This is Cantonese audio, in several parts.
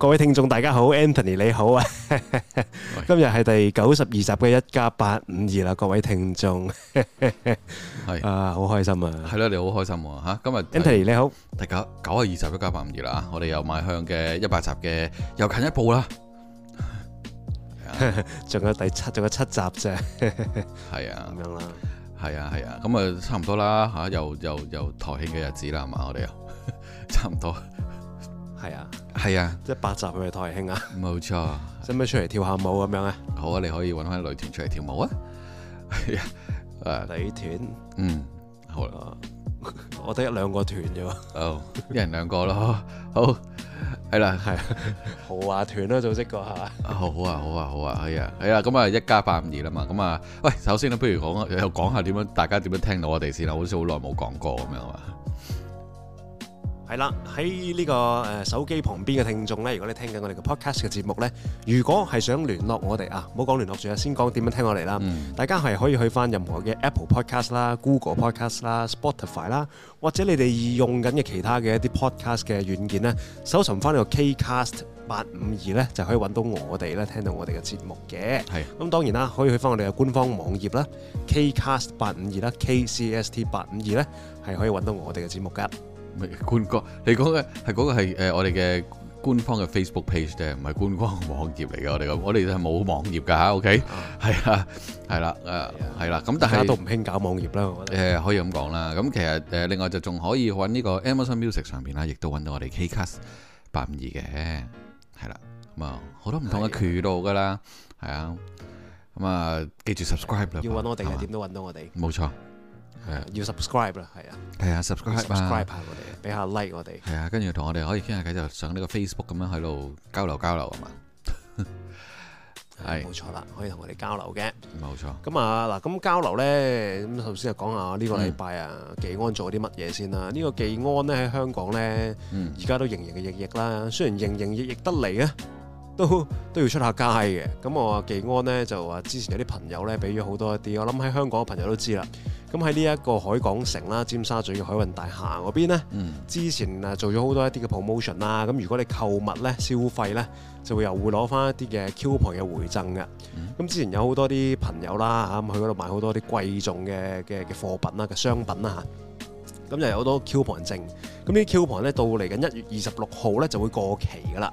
各位聽眾大家好，Anthony 你好啊， 今日係第九十二集嘅一加八五二啦，各位聽眾係 啊，好開心啊，係咯，你好開心啊，吓今日 Anthony 你好，第九九啊二集一加八五二啦，我哋又邁向嘅一百集嘅，又近一步啦，仲有第七仲有七集啫，係 啊，咁樣啦，係啊係啊，咁啊，啊就差唔多啦，吓又又又台慶嘅日子啦，係嘛，我哋又差唔多。係啊，係啊，即係八集係咪太興啊？冇錯，使唔使出嚟跳下舞咁樣啊？好啊，你可以揾翻女團出嚟跳舞啊！係啊，誒，女團，嗯，好啦， 我得一兩個團啫喎，哦、oh，一人兩個咯， 好，係啦、啊，係 豪華團都組織過下。 好、啊，好啊，好啊，好啊，哎啊。哎呀，咁啊，一家八五二啦嘛，咁啊，喂，首先咧，不如講又講下點樣，大家點樣聽到我哋先啦，好似好耐冇講過咁樣啊？係啦，喺、這個呃、呢個誒手機旁邊嘅聽眾咧，如果你聽緊我哋嘅 podcast 嘅節目咧，如果係想聯絡我哋啊，唔好講聯絡住啊，先講點樣聽我嚟啦、嗯。大家係可以去翻任何嘅 Apple Podcast 啦、Google Podcast 啦、Spotify 啦，或者你哋易用緊嘅其他嘅一啲 podcast 嘅軟件咧，搜尋翻呢個 K Cast 八五二咧，就可以搵到我哋咧，聽到我哋嘅節目嘅。係咁，當然啦，可以去翻我哋嘅官方網頁啦，K Cast 八五二啦，K C S T 八五二咧，係可以搵到我哋嘅節目噶。咪觀光，你講嘅係嗰個係我哋嘅官方嘅 Facebook page 啫，唔係官方網頁嚟嘅。我哋我哋都係冇網頁噶嚇，OK？係、哦、 啊，係啦、啊，誒係啦。咁、啊啊、但係都唔興搞網頁啦，我、呃、可以咁講啦。咁其實誒、呃、另外就仲可以揾呢個 Amazon Music 上邊啦，亦都揾到我哋 KCast 八五二嘅，係啦。咁啊好多唔同嘅渠道噶啦，係啊。咁、嗯、啊，啊，記住 subscribe 要揾我哋嘅，點都揾到我哋。冇錯。要 subscribe 啦，係啊，係啊，subscribe 啊，subscribe 下我哋，俾下 like 我哋，係啊，跟住同我哋可以傾下偈，就上呢個 Facebook 咁樣喺度交流交流啊嘛，係冇錯啦，可以同我哋交流嘅，冇錯。咁啊嗱，咁交流咧，咁首先就講下呢個禮拜啊，技、嗯、安做咗啲乜嘢先啦。呢、這個技安咧喺香港咧，而、嗯、家都營營嘅役役啦。雖然營營役役得嚟啊，都都要出下街嘅。咁我話技安咧就話之前有啲朋友咧俾咗好多一啲，我諗喺香港嘅朋友都知啦。咁喺呢一個海港城啦，尖沙咀嘅海運大廈嗰邊咧，之前啊做咗好多一啲嘅 promotion 啦，咁如果你購物呢，消費呢，就會又會攞翻一啲嘅 coupon 嘅回贈嘅。咁之前有好多啲朋友啦去嗰度買好多啲貴重嘅嘅嘅貨品啦，嘅商品啦，咁就有好多 coupon 剩。咁呢啲 coupon 咧到嚟緊一月二十六號呢就會過期㗎啦。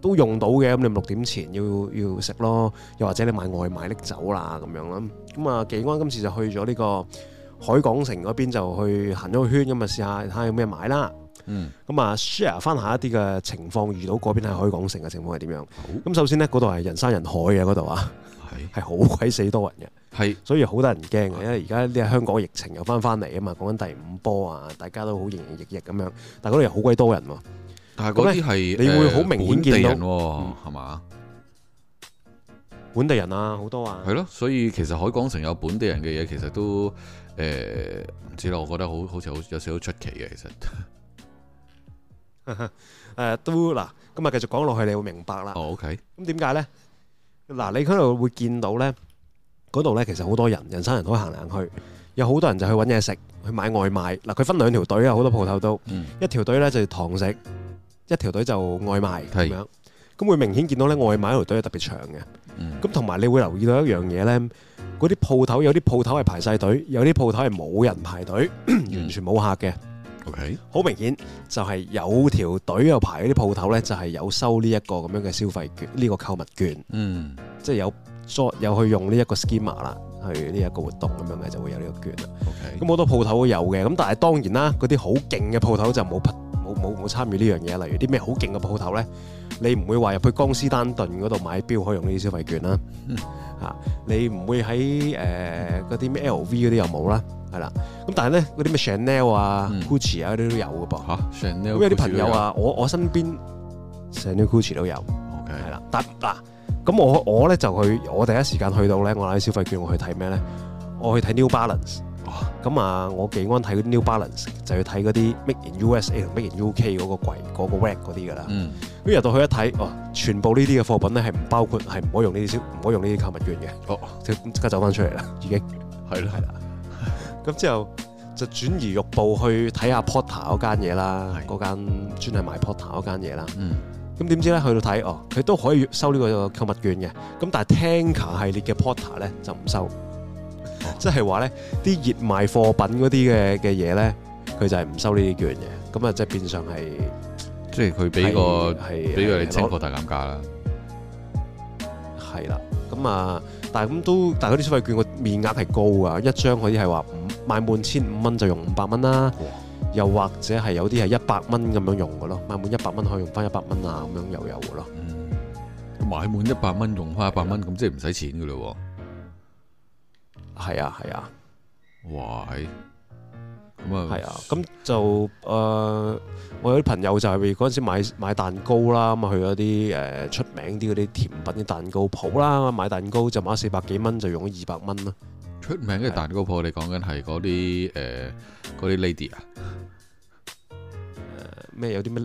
都用到嘅，咁你六點前要要食咯，又或者你買外賣拎走啦咁樣啦。咁啊，紀安今次就去咗呢個海港城嗰邊就去行咗個圈，咁啊試下睇下有咩買啦。嗯，咁啊 share 翻下一啲嘅情況，遇到嗰邊係海港城嘅情況係點樣？好。咁首先呢，嗰度係人山人海嘅嗰度啊，係好鬼死多人嘅，係。所以好多人驚嘅，因為而家啲香港疫情又翻翻嚟啊嘛，講緊第五波啊，大家都好營營役役咁樣，但係嗰度又好鬼多人喎。係嗰啲係，你會好明顯見到係嘛、呃？本地人啊，好、嗯啊、多啊，係咯。所以其實海港城有本地人嘅嘢，其實都誒唔、呃、知啦。我覺得好好似好有少少出奇嘅，其實誒、呃、都嗱。咁啊，繼續講落去，你會明白、哦 okay、啦。哦，OK。咁點解咧？嗱，你喺度會見到咧，嗰度咧其實好多人，人山人海，行嚟行去，有好多人就去搵嘢食，去買外賣。嗱，佢分兩條隊啊，好多鋪頭都、嗯、一條隊咧就係堂食。一條隊就外賣咁樣，咁會明顯見到咧，外賣一條隊係特別長嘅。咁同埋你會留意到一樣嘢呢，嗰啲鋪頭有啲鋪頭係排晒隊，有啲鋪頭係冇人排隊，嗯、完全冇客嘅。OK，好明顯就係有條隊又排嗰啲鋪頭呢，就係有收呢一個咁樣嘅消費券，呢、呢個購物券。即、嗯、係、就係、有有去用呢一個 schema 啦，去呢一個活動咁樣嘅就會有呢個券。OK 咁好多鋪頭都有嘅，咁但係當然啦，嗰啲好勁嘅鋪頭就冇。冇冇參與呢樣嘢，例如啲咩好勁嘅鋪頭咧，你唔會話入去江斯丹頓嗰度買表可以用呢啲消費券啦，嚇、嗯啊、你唔會喺誒嗰啲咩 LV 嗰啲又冇啦，係啦。咁但係咧，嗰啲咩 Chanel 啊、Gucci、嗯、啊嗰啲都有嘅噃。嚇 Chanel，咁有啲朋友啊，也我我身邊 Chanel、Gucci 都有，係、okay。啦。但嗱咁、啊、我我咧就去，我第一時間去到咧，我攞啲消費券我去睇咩咧？我去睇 New Balance。咁、哦、啊，我幾安睇 New Balance，就要睇嗰啲 Made in USA 同 Made in UK 嗰個櫃嗰、嗰個 rack 嗰啲噶啦。咁、嗯、入到去一睇，哦，全部呢啲嘅貨品咧係唔包括，係唔可以用呢啲，唔可以用呢啲購物券嘅。哦，即刻走翻出嚟啦， 已經係咯係啦。咁之 後就轉移玉步去睇下 Porter 嗰間嘢啦，嗰間專係賣 Porter 嗰間嘢啦。咁點、嗯、知咧去到睇，哦，佢都可以收呢個購物券嘅，咁但係 Tanker 系列嘅 Porter 咧就唔收。即係話咧，啲熱賣貨品嗰啲嘅嘅嘢咧，佢就係唔收呢啲券嘅。咁啊，即係變相係，即係佢俾個俾個你清貨大減價啦。係啦，咁啊，但係咁都，但係嗰啲消費券個面額係高啊，一張嗰啲係話五買滿千五蚊就用五百蚊啦。又或者係有啲係一百蚊咁樣用嘅咯，買滿一百蚊可以用翻一百蚊啊，咁樣又有嘅咯。嗯，買滿一百蚊用翻一百蚊，咁即係唔使錢嘅咯。係啊係啊，哇！咁啊，係啊，咁就誒，我有啲朋友就係嗰陣時買，買蛋糕啦，咁啊去嗰啲誒出名啲嗰啲甜品啲蛋糕鋪啦，買蛋糕就買四百幾蚊，就用咗二百蚊啦。出名嘅蛋糕鋪，啊，你講緊係啲誒嗰啲 lady 啊？呃咩有啲咩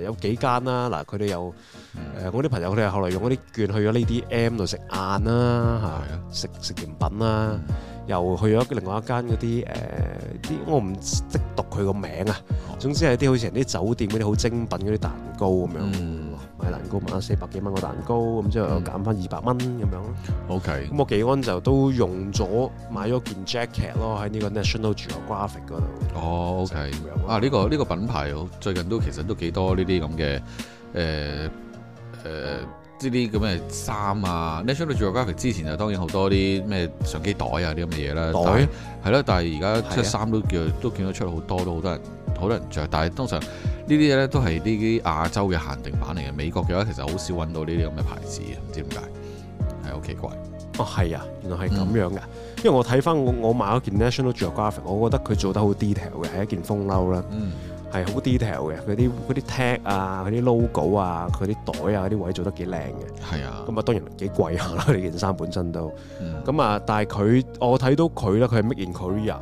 誒有幾間啦、啊？嗱，佢哋有誒我啲朋友佢哋後來用嗰啲券去咗呢啲 Lady M 度食晏啦，食、啊、食甜品啦、啊，又去咗另外一間嗰啲誒啲我唔識讀佢個名啊。總之係啲好似人啲酒店嗰啲好精品嗰啲蛋糕咁樣。嗯。買蛋糕買咗四百幾蚊個蛋糕，咁之後又減翻二百蚊咁樣咯、嗯。OK，咁我幾安就都用咗買咗件 jacket 咯，喺呢個 National Geographic 嗰度。哦，OK，咁啊呢、呢個呢、呢個品牌最近其都其實都幾多呢啲咁嘅誒誒呢啲咁嘅衫啊。National Geographic 之前就當然好多啲咩相機袋啊啲咁嘅嘢啦，袋係咯，但係而家出衫都叫、啊、都見得出好多都好多人。好多人著，但係通常呢啲嘢都係呢啲亞洲嘅限定版嚟嘅。美國嘅話，其實好少揾到呢啲咁嘅牌子嘅，唔知點解，係好奇怪。哦，係啊，原來係咁樣嘅、嗯。因為我睇返我我買嗰件 National Geographic，我覺得佢做得好 detail 嘅，係一件風褸啦，係好 detail 嘅。佢啲啲 tag 啊，嗰啲 logo 啊，佢啲袋啊，嗰啲、啊、位置做得幾靚嘅。係啊，咁啊當然幾貴下啦，呢件衫本身都。咁、嗯、啊，但係佢，我睇到佢咧，佢係 make in Korea。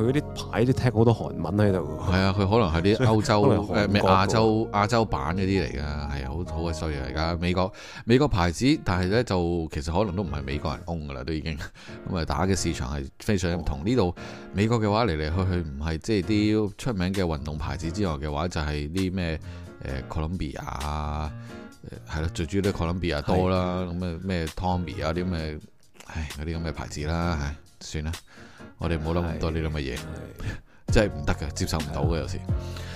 佢嗰啲牌都聽好多韓文喺度，係啊！佢可能係啲歐洲咩、呃、亞洲亞洲版嗰啲嚟噶，係啊，好好嘅衰啊！而家美國美國牌子，但係咧就其實可能都唔係美國人 own 噶啦，都已經咁啊！打嘅市場係非常唔同。呢、哦、度美國嘅話嚟嚟去去唔係即係啲出名嘅運動牌子之外嘅話，就係啲咩誒 Columbia 啊，係、呃、啦，最主要都 Columbia 多啦，咁啊咩 Tommy 啊啲咩唉嗰啲咁嘅牌子啦嚇，算啦。我哋冇諗咁多呢啲咁嘅嘢，真係唔得嘅，接受唔到嘅有時。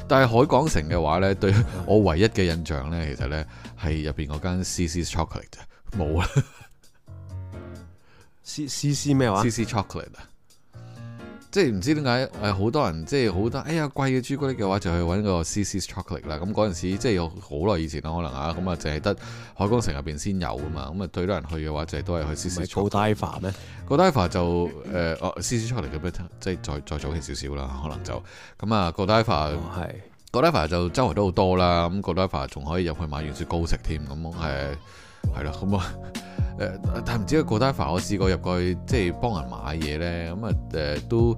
但係海港城嘅話咧，對我唯一嘅印象咧，其實咧係入邊嗰間 C C Chocolate 冇啦。C C C 咩話？C C Chocolate 即係唔知點解係好多人即係好多，哎呀貴嘅朱古力嘅話就去揾個 CC chocolate 啦。咁嗰陣時即係好耐以前啦，可能啊，咁啊淨係得海港城入邊先有啊嘛。咁啊最多人去嘅話去、Godiva、就係都係去 CC。唔係個 Godiva 咩？個、啊、Godiva 就誒哦，CC chocolate 咁樣即係再再早期少少啦，可能就咁啊。個 Godiva 個 Godiva 就周圍都好多啦。咁個 Godiva 仲可以入去買軟雪糕食添。咁誒係咯，咁啊。是誒，但係唔知個 Gofa，我試過入過去，即係幫人買嘢咧，咁啊誒，都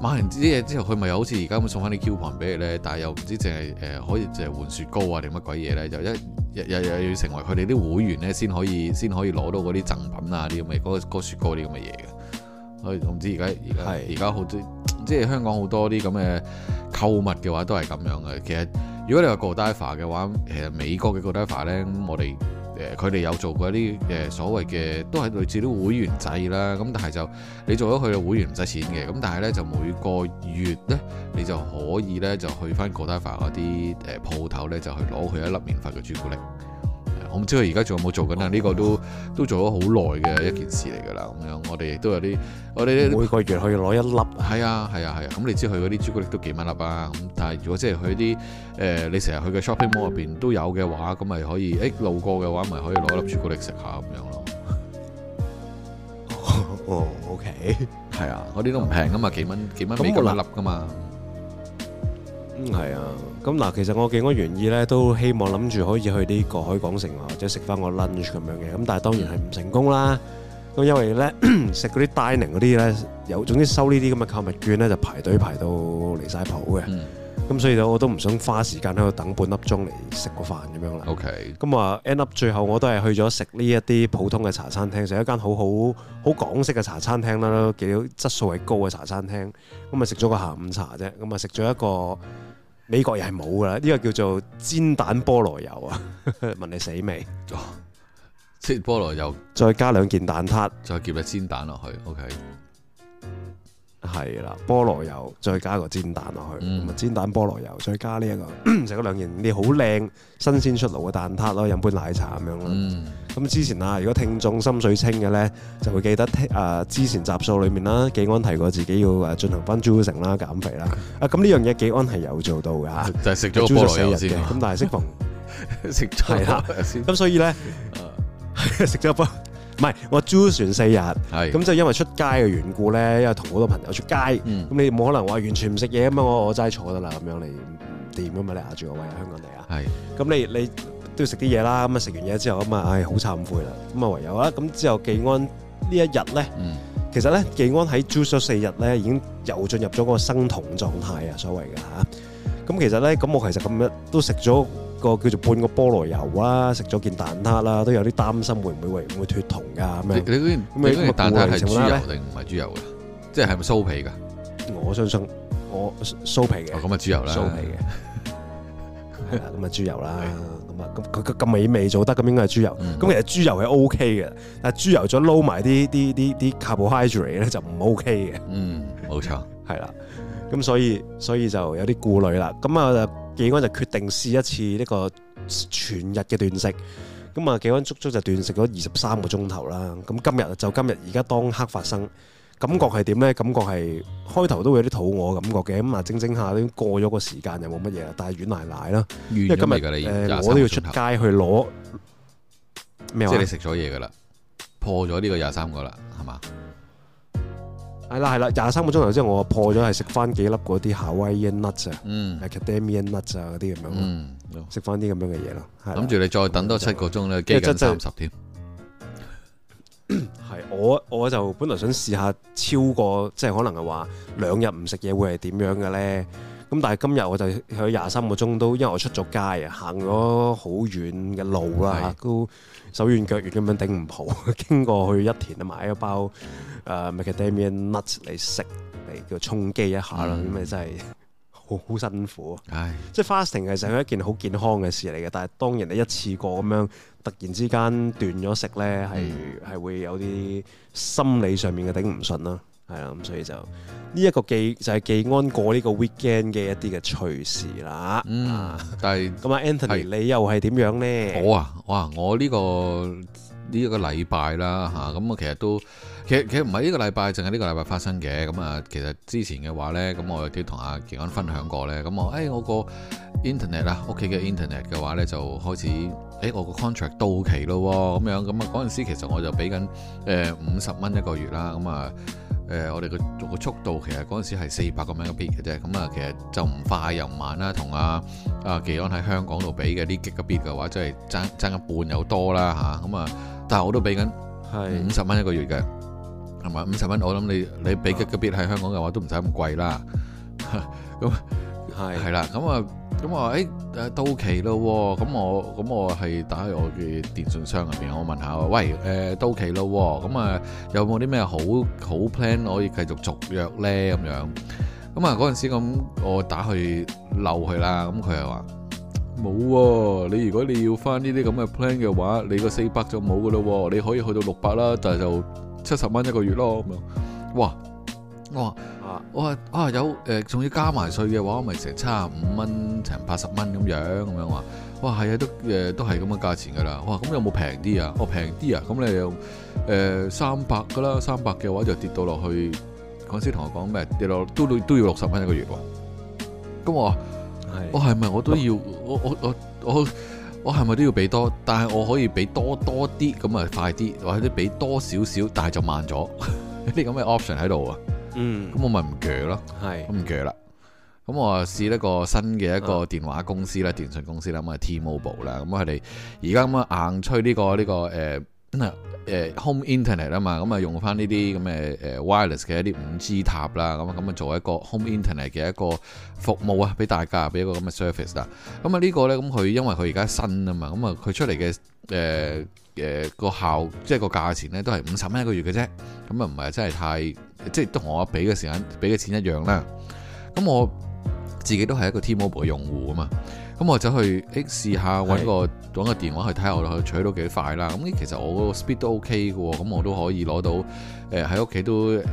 買完啲嘢之後，佢咪又好似而家咁送翻啲 coupon 俾你咧，但係又唔知淨係誒可以淨係換雪糕啊定乜鬼嘢咧，就一日日日要成為佢哋啲會員咧，先可以先可以攞到嗰啲贈品啊啲咁嘅嗰個雪糕啲咁嘅嘢嘅。所以總之而家而家而家好即係香港好多啲咁嘅購物嘅話都係咁樣嘅。其實如果你話 Gofa 嘅話，其實美國嘅 Gofa 咧，我哋。誒，佢哋有做過啲誒所謂嘅，都係類似啲會員制啦。咁但係就你做咗佢嘅會員唔使錢嘅。咁但係呢，就每個月呢，你就可以呢、呃，就去翻 Godiva 嗰啲誒鋪頭呢，就去攞佢一粒免費嘅朱古力。我唔知佢而家仲有冇做緊啦，呢、okay. 個都都做咗好耐嘅一件事嚟噶啦。咁樣我哋亦都有啲，我哋每個月可以攞一粒。係啊，係啊，係啊。咁、啊啊、你知佢嗰啲朱古力都幾蚊粒啊？咁但係如果即係去啲誒、呃，你成日去嘅 shopping mall 入邊都有嘅話，咁咪可以誒路過嘅話，咪可以攞一粒朱古力食下咁樣咯。哦、oh，OK，係啊，嗰啲都唔平噶嘛，幾蚊幾蚊幾蚊粒噶嘛。嗯，係啊。咁嗱，其實我幾多原意咧，都希望諗住可以去呢個海港城或者食翻個 lunch 咁樣嘅，咁但係當然係唔成功啦。咁因為咧食嗰啲 dining 嗰啲咧，有總之收呢啲咁嘅購物券咧，就排隊排到離晒譜嘅。咁所以都我都唔想花時間喺度等半粒鐘嚟食個飯咁樣啦。OK。咁啊，end up 最後我都係去咗食呢一啲普通嘅茶餐廳，就一間好好好港式嘅茶餐廳啦，幾質素係高嘅茶餐廳。咁啊食咗個下午茶啫，咁啊食咗一個。美國人係冇㗎啦，呢個叫做煎蛋菠蘿油啊！問你死未？煎、哦就係、菠蘿油，再加兩件蛋撻，再夾隻煎蛋落去，OK。係啦，菠蘿油再加個煎蛋落去，同、嗯、埋煎蛋菠蘿油再加呢、這、一個，食咗兩件啲好靚新鮮出爐嘅蛋撻咯，飲杯奶茶咁樣咯。咁、嗯、之前啊，如果聽眾心水清嘅咧，就會記得聽啊之前集數裏面啦，紀安提過自己要啊進行翻 losing 啦，減肥啦、嗯。啊，咁呢樣嘢紀安係有做到嘅吓，就係食咗菠蘿油先咁、啊、但係適逢食係啦。咁 所以咧，食、啊、咗 唔係，我 cruise 船四日，咁就因為出街嘅緣故咧，因為同好多朋友出街，咁你冇可能話完全唔食嘢啊嘛，我我齋坐得啦咁樣嚟掂噶嘛，你壓住個位喺香港嚟啊，咁你你都要食啲嘢啦，咁啊食完嘢之後啊嘛，唉好慚愧啦，咁啊唯有啊，咁之後技安呢一日咧，其實咧技安喺 cruise 咗四日咧，已經又進入咗嗰個生酮狀態啊，所謂嘅嚇，咁其實咧咁我其實咁樣都食咗。個叫做半個菠蘿油啊，食咗件蛋撻啦，都有啲擔心會唔會會唔會脫糖噶咁樣。咁個蛋撻係豬油定唔係豬油噶？即係咪酥皮噶？我相信我酥皮嘅。哦，咁啊豬油啦。酥皮嘅。係 啦，咁啊豬油啦。咁啊咁佢咁美味做得咁應該係豬油。咁其實豬油係 O K 嘅，但係豬油再撈埋啲啲啲啲 carbohydrate 咧就唔 O K 嘅。嗯，冇錯、OK。係啦，咁、OK 嗯、所以所以就有啲顧慮啦。咁啊。幾温就決定試一次呢個全日嘅斷食，咁啊幾温足足就斷食咗二十三個鐘頭啦。咁今日就今日而家當刻發生，感覺係點咧？感覺係開頭都會有啲肚餓感覺嘅。咁啊，整整下都過咗個時間又冇乜嘢，但係軟奶奶啦。因為今日你、呃、我都要出街去攞咩話？即係你食咗嘢噶啦，破咗呢個廿三個啦，係嘛？係啦，係啦，廿三個鐘頭之後，我破咗係食翻幾粒嗰啲夏威夷 nuts 啊、嗯、，macadamia nuts 啊嗰啲咁樣咯，食翻啲咁樣嘅嘢咯。諗住你再等多七個鐘咧，接近三十添。係、就是，我我就本來想試下超過，即、就、係、是、可能係話、嗯、兩日唔食嘢會係點樣嘅咧？咁但係今日我就去廿三個鐘都，因為我出咗街啊，行咗好遠嘅路啦，都手軟腳軟咁樣頂唔住，經過去一田啊買一包誒 macadamia nuts 嚟食嚟叫充飢一下啦，咁咪真係好辛苦。係，即係 fasting 係其實係一件好健康嘅事嚟嘅，但係當人哋一次過咁樣突然之間斷咗食咧，係係會有啲心理上面嘅頂唔順啦。係、嗯、啦，咁所以就呢一、這個記就係記安過呢個 weekend 嘅一啲嘅趣事啦。嗯，但係咁啊，Anthony，是你又係點樣咧？我啊，哇、啊！我呢、這個呢一、這個禮拜啦嚇，咁、啊、我、嗯嗯、其實都其實其實唔係呢個禮拜，淨係呢個禮拜發生嘅。咁、嗯、啊，其實之前嘅話咧，咁、嗯、我有啲同阿健安分享過咧。咁、嗯、我誒、哎、我個 internet 啦，屋企嘅 internet 嘅話咧，就開始誒、哎、我個 contract 到期咯咁樣。咁、嗯、啊，嗰陣時其實我就俾緊誒五十蚊一個月啦。咁、嗯、啊～、嗯誒、呃，我哋個個速度其實嗰陣時係四百個蚊一個 bit 嘅啫，咁、嗯、啊，其實就唔快又唔慢啦。同阿啊，啊，技安喺香港度俾嘅啲激嘅 bit 嘅話，真係爭爭一半又多啦吓，咁啊，嗯、但係我都俾緊五十蚊一個月嘅，係嘛？五十蚊我諗你你俾激嘅 bit 喺香港嘅話都，都唔使咁貴啦。咁係係啦，咁啊。咁我誒誒到期咯，咁我咁我係打去我嘅電信商入邊，我問下，喂誒到期咯，咁啊有冇啲咩好好 plan 可以繼續續約咧？咁樣。咁啊嗰陣時咁我打去漏佢啦，咁佢又話冇喎，你如果你要翻呢啲咁嘅 plan 嘅話，你個四百就冇噶咯，你可以去到六百啦，但係就七十蚊一個月咯咁樣，哇！我，我、啊呃、要的話，我話啊有誒，仲要加埋稅嘅話，咪成七十五蚊，成八十蚊咁樣咁樣話，哇係啊，都誒都係咁嘅價錢噶啦。哇，咁、呃、有冇平啲啊？我平啲啊？咁你用誒三百噶啦，三百嘅話就跌到落去嗰陣時同我講咩跌落都都要六十蚊一個月喎。咁、哦、我話，我係咪我都要我我我我我係咪都要俾多？但係我可以俾多多啲咁啊快啲，或者俾多少少，但係就慢咗啲咁嘅 option 喺度啊。嗯，咁我咪唔鋸咯，係唔鋸啦。咁我啊試一個新嘅一個電話公司啦、啊，電信公司啦，咁啊 T-Mobile 啦。咁佢哋而家咁啊硬吹呢個呢個誒誒 Home Internet 啊嘛，咁啊用翻呢啲咁嘅誒 wireless 嘅一啲五 G 塔啦，咁咁啊做一個 Home Internet 嘅一個服務啊，俾大家俾一個咁嘅 service 啦。咁啊呢個咧咁佢因為佢而家新啊嘛，咁啊佢出嚟嘅誒誒個效即係個價錢咧都係五十蚊一個月嘅啫，咁啊唔係真係太。即係同我俾嘅時間俾嘅錢一樣啦。咁我自己都係一個 T-Mobile 嘅用戶啊嘛。咁我走去誒試下揾個揾個電話去睇下我去取到幾快啦。咁其實我個 speed 都 OK 嘅喎，咁我都可以攞到誒喺屋企都閒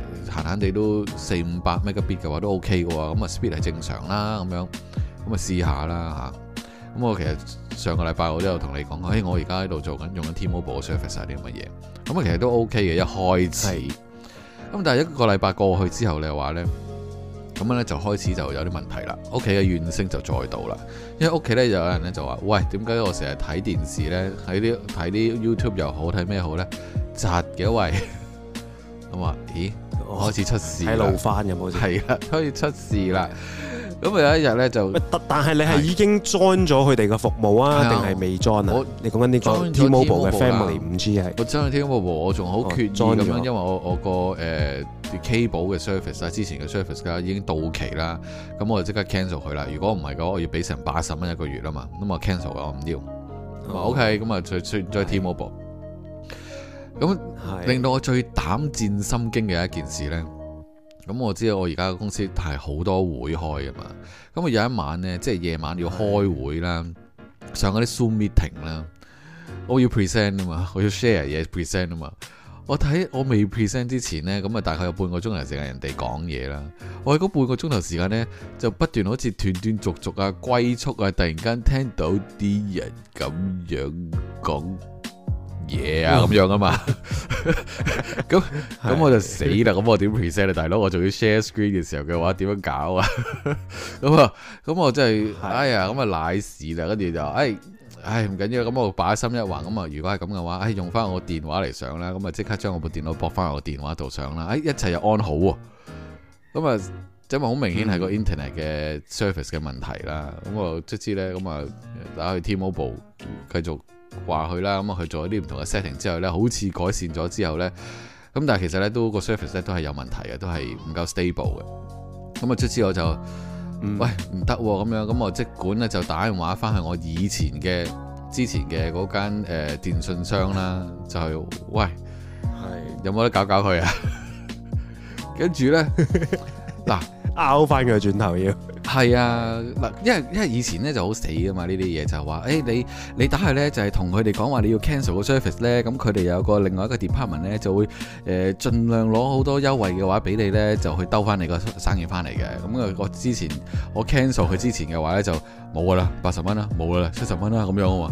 閒地都四五百 m b i t 嘅話都 OK 嘅喎。咁啊 speed 係正常啦，咁樣咁啊試下啦嚇。咁我其實上個禮拜我都有同你講過，誒我而家喺度做緊用緊 T-Mobile service 啊啲咁嘅嘢。咁啊其實都 OK 嘅，一開始。咁但係一個禮拜過去之後，你話呢，咁樣呢，就開始就有啲問題啦，屋企嘅怨聲就再度啦，因為屋企呢，就有人呢，就話，喂，點解我成日睇電視呢？睇啲睇啲 YouTube 又好，睇咩好呢？窒嘅，喂！」咁我話咦，我開始出事了，睇路翻有冇，係啦，開始出事啦。咁我有一日咧就，但係你係已經 join 咗佢哋嘅服務啊，定係未 join 啊？你講緊呢個 T-Mobile 嘅 family 5G 啊？我 join T-Mobile，我仲好決意咁、哦、樣，因為我我個誒 Cable 嘅 service 啊，之前嘅 service 啦，已經到期啦，咁我就即刻 cancel 佢啦。如果唔係嘅，我要俾成八十蚊一個月啊嘛，咁啊 cancel 了我唔要。要哦、OK，咁啊再再再 T-Mobile。咁令到我最膽戰心驚嘅一件事咧。咁我知道我而家公司係好多會開噶嘛，咁我有一晚呢，即係夜晚要開會啦，上嗰啲 Zoom meeting 啦，我要 present 啊嘛，我要 share 嘢 present 啊嘛，我睇我未 present 之前呢，咁啊大概有半個鐘頭時間人哋講嘢啦，我喺嗰半個鐘頭時間呢，就不斷好似斷斷續續啊、歸速啊，突然間聽到啲人咁樣講。嘢啊咁樣啊嘛，咁 咁那 我就死啦！咁 我點 present 咧，大佬？我仲要 share screen 嘅時候嘅話，點樣搞啊？咁 啊，咁我真係、就是、哎呀，咁啊賴屎啦！跟住就，哎，哎唔緊要，咁我擺心一橫，咁啊，如果係咁嘅話，哎，用翻我電話嚟上啦，咁啊即刻將我部電腦駁翻我電話度上啦，哎，一切又安好喎。咁啊，因為好明顯係個 internet 嘅 service 嘅問題啦，咁、mm. 我即知咧，咁啊打去 T-Mobile 繼續。話佢啦，咁啊佢做一啲唔同嘅 setting 之後咧，好似改善咗之後咧，咁但係其實咧都個 service 咧都係有問題嘅，都係唔夠 stable 嘅。咁、嗯、啊，出之後就，喂唔得咁樣，咁我即管咧就打電話翻去我以前嘅之前嘅嗰間誒電訊商啦， 就係喂，係有冇得搞搞佢啊？跟住咧嗱，拗翻佢轉頭要。係啊，嗱，因為因為以前咧就好死噶嘛，呢啲嘢就係話，誒、欸、你你打去咧就係同佢哋講話你要 cancel 個 service 咧，咁佢哋有個另外一個 department 咧就會誒、呃、盡量攞好多優惠嘅話俾你咧，就去兜翻你個生意翻嚟嘅。咁啊，我之前我 cancel 佢之前嘅話咧就冇噶啦，八十蚊啦，冇噶啦，七十蚊啦咁樣喎。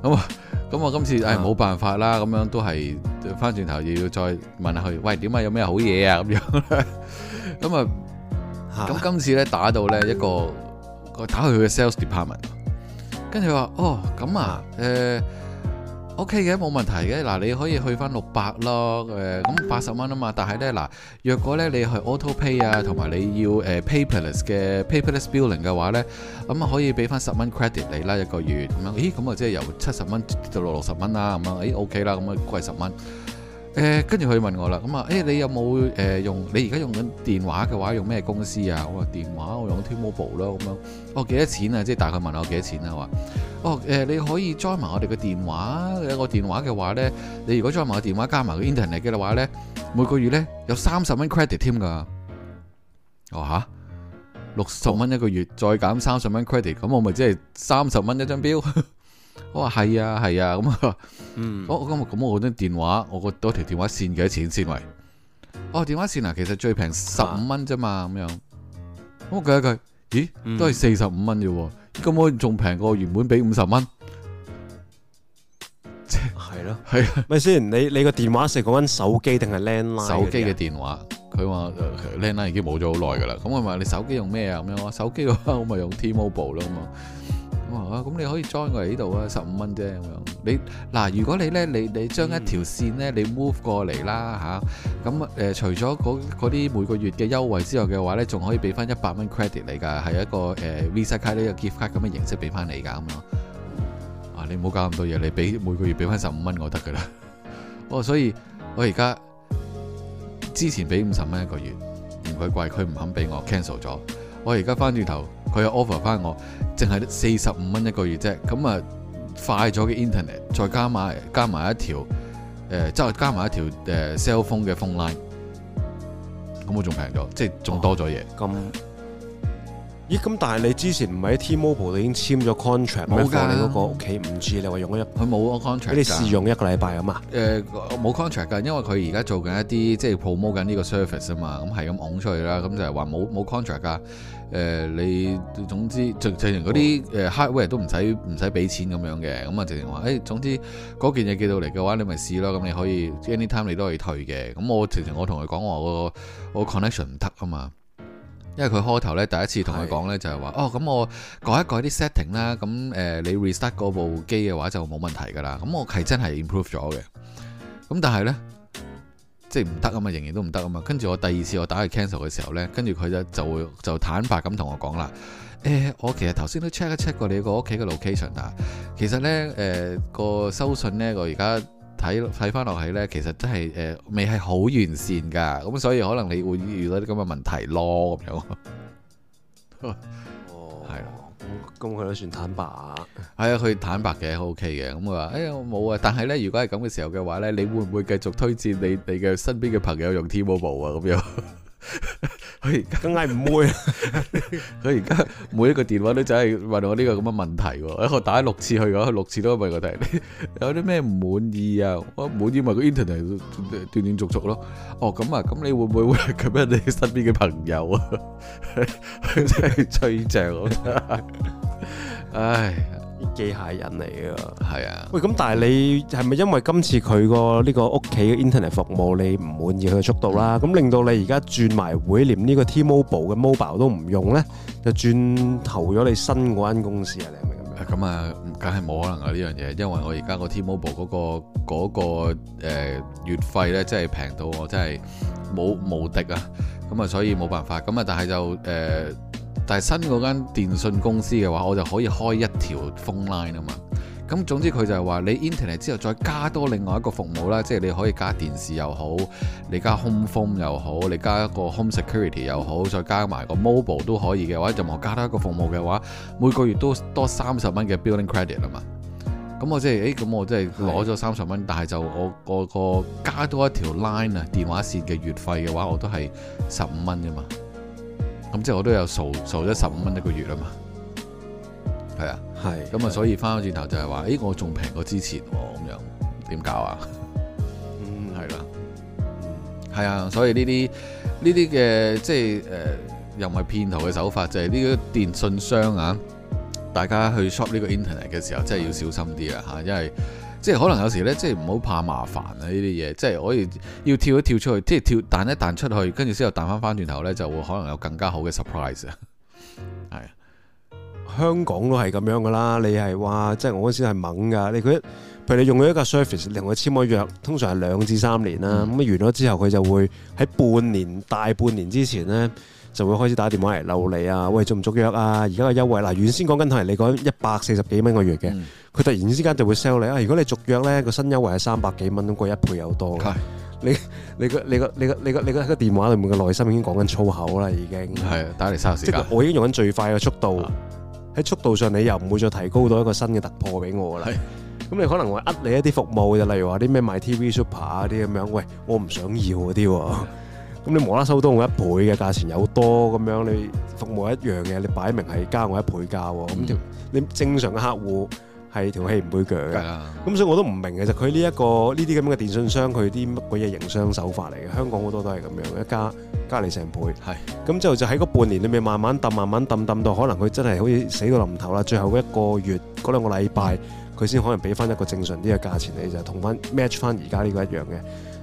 咁啊，咁我今次誒冇、啊哎、辦法啦，咁樣都係翻轉頭要再問下佢，喂點解有咩好嘢啊咁樣。咁啊。咁今次咧打到咧一個，打去佢嘅 sales department，跟住話哦，咁啊，誒，O K 嘅，冇問題嘅，嗱你可以去翻六百咯，誒咁八十蚊啊嘛，但係咧嗱，若果咧你係 auto pay 啊，同埋你要、呃、paperless 嘅 paperless billing 嘅話咧，咁可以俾翻十蚊 credit 你啦一個月，咁樣咦，咁啊即係由七十蚊跌到六六十蚊啦，咁樣，誒 O K 啦，咁啊貴十蚊。誒跟住佢問我啦，咁啊，誒、欸、你有冇誒、呃、用？你而家用緊電話嘅話，用咩公司啊？我話電話，我用 T-Mobile 啦，咁樣。哦幾多錢啊？即係大概問我幾多錢啦、啊？話哦誒、呃，你可以 join 埋我哋嘅電話，有個電話嘅話咧，你如果 join 埋個電話加埋個 internet 嚟嘅話咧，每個月咧有三十蚊 credit 添㗎。哦吓，六十蚊一個月，再減三十蚊 credit，咁我咪即係三十蚊一張表。我話係啊係啊咁啊，嗯嗯哦、我咁咁我嗰張電話，我個嗰條電話線幾多錢先喂、嗯？哦，電話線啊，其實最平十五蚊啫嘛，咁、啊、樣咁我計一計，咦，都係四十五蚊啫喎，咁我仲平過原本俾五十蚊，即係咯，係啊，咪先，你你個電話係講緊手機定係 landline？手機嘅電話，佢話 landline 已經冇咗好耐噶啦，咁我問你手機用咩啊？咁樣，我手機嘅話我咪用 T-Mobile 咯咁啊。咁啊，咁你可以 join 過嚟呢度啊，十五蚊啫咁樣。你嗱，如果你咧，你你將一條線咧，你 move 過嚟啦吓。咁誒，除咗嗰嗰啲每個月嘅優惠之外嘅話咧，仲可以俾翻一百蚊 credit 你噶，係一個誒 visa 卡呢個 gift 卡咁嘅形式俾翻你噶咁樣。啊，你唔好搞咁多嘢，你俾每個月俾翻十五蚊我得噶啦。哦，所以我而家之前俾五十蚊一個月嫌佢貴，佢唔肯俾我 cancel 咗。我而家翻轉頭。佢有 offer 翻我，淨係四十五蚊一個月啫。咁啊，快咗嘅 internet，再加埋加埋一條，誒即係加埋一條誒 cell phone 嘅 phone line。咁我仲平咗，即係仲多咗嘢。咁、哦嗯、咦？咁但係你之前唔係喺 T-Mobile，都已經簽咗 contract，冇放你嗰個屋企五 G？你話用一佢冇 contract，俾你試用一個禮拜啊嘛？誒、呃、冇 contract 㗎，因為佢而家做緊一啲即係 promote 緊呢個 service 啊嘛。咁係咁㧬出去啦，咁就係話冇冇 contract 㗎。誒、呃、你總之，直情嗰啲誒 hardware 都唔使唔使俾錢咁樣嘅，咁啊直情話，誒、哎、總之嗰件嘢寄到嚟嘅話，你咪試咯，咁你可以 anytime 你都可以退嘅。咁我直情我同佢講話，我個 connection 唔得啊嘛，因為佢開頭咧第一次同佢講咧就係、是、話，哦咁我改一改啲 setting 啦，咁誒、呃、你 restart 嗰部機嘅話就冇問題㗎啦。咁我係真係 improve 咗嘅，咁但係咧。即係唔得啊嘛，仍然都唔得啊嘛。跟住我第二次我打去 cancel 嘅時候呢，跟住佢就就就坦白咁同我講啦。誒、欸，我其實頭先都 check 一 check 過你個屋企嘅 location 啊。其實呢，誒、呃、個收訊呢，我而家睇睇翻落去呢，其實真係誒未係好完善㗎。咁所以可能你會遇到啲咁嘅問題咯咁樣。哦， 係。咁佢都算坦白啊，係啊，佢坦白嘅，O K 嘅。咁我話，哎呀，我冇啊。但係呢，如果係咁嘅時候嘅話呢，你會唔會繼續推薦你你嘅身邊嘅朋友用 T-Mobile 啊？咁樣。佢而家梗係唔會，佢而家每一個電話都淨係問我呢個咁嘅問題。我打六次去嘅話，六次都問我睇你有啲咩唔滿意啊？我滿意咪個 Internet 斷斷續續咯。哦，咁啊，咁你會唔會會咁樣你身邊嘅朋友啊？真係吹脹，唉。機械人嚟噶，係啊！喂，咁但係你係咪因為今次佢個呢個屋企嘅 internet 服務你唔滿意佢嘅速度啦？咁令到你而家轉埋會，連呢個 T-Mobile 嘅 mobile 都唔用咧，就轉投咗你新嗰間公司係咪啊？你係咪咁樣？咁啊，梗係冇可能啊呢樣嘢，因為我而家、嗰個 T-Mobile 嗰、嗰個嗰、呃、月費咧，真係平到我真係冇無，無敵啊！咁啊，所以冇辦法，咁啊，但係就誒。但係新嗰間電訊公司嘅話，我就可以開一條 phone line 啊嘛。咁總之佢就係話，你 internet 之後再加多另外一個服務啦，即係你可以加電視又好，你加 Home Phone 又好，你加一個 home security 又好，再加埋個 mobile 都可以嘅話，任何加多一個服務嘅話，每個月都多三十蚊嘅 building credit 啊嘛。咁我即係，誒，咁我即係攞咗三十蚊，但係就我個個加多一條 line 啊電話線嘅月費嘅話，我都係十五蚊啫嘛。咁即係我都有掃掃咗十五蚊一個月啊嘛，係啊，係，咁啊所以翻返轉頭就係話，誒，我仲平過之前喎，咁樣點搞啊？嗯，係啦、啊，係、嗯、啊，所以呢啲呢啲嘅即係誒、呃、又唔係騙徒嘅手法，就係呢啲電信商啊，大家去 shop 呢個 internet 嘅時候，真係要小心啲啊嚇，因為。即係可能有時咧，即係唔好怕麻煩啊！呢啲嘢，即係可以要跳一跳出去，即係跳，彈一彈出去，跟住之後彈翻翻轉頭咧，就會可能有更加好嘅 surprise 啊！係啊，香港都係咁樣噶啦。你係話即係我嗰時係猛噶，你覺得譬如你用咗一架 surface，令佢簽咗約，通常係兩至三年啦。咁、嗯、完咗之後，佢就會喺半年、大半年之前咧，就會開始打電話嚟撩你啊！喂，續唔續約啊？而家個優惠嗱，原先講緊係你講一百四十幾蚊個月嘅，佢突然之間就會 sell 你啊！如果你續約咧，個新優惠係三百幾蚊，咁貴一倍又多。係你你個你個你個你個你個電話裡面嘅內心已經講緊粗口啦，已經係打嚟殺時間。即係我已經用緊最快嘅速度，喺速度上你又唔會再提高到一個新嘅突破俾我啦。係咁，你可能會呃你一啲服務嘅，例如話啲咩 myTV Super 啊啲咁樣，喂，我唔想要嗰啲喎。咁你無啦啦收到我一倍嘅價錢有多咁樣，你服務一樣嘅，你擺明係加我一倍價喎。咁、嗯、條你正常嘅客戶係條氣唔會強嘅。咁所以我都唔明其實佢呢一個呢啲咁嘅電信商佢啲乜鬼嘢營商手法嚟嘅。香港好多都係咁樣，一加加你成倍。係咁之後就喺嗰半年裏面慢慢揼，慢慢揼揼到可能佢真係好似死到臨頭啦。最後一個月嗰兩個禮拜，佢先可能俾翻一個正常啲嘅價錢你，就同翻 match 翻而家呢個一樣嘅。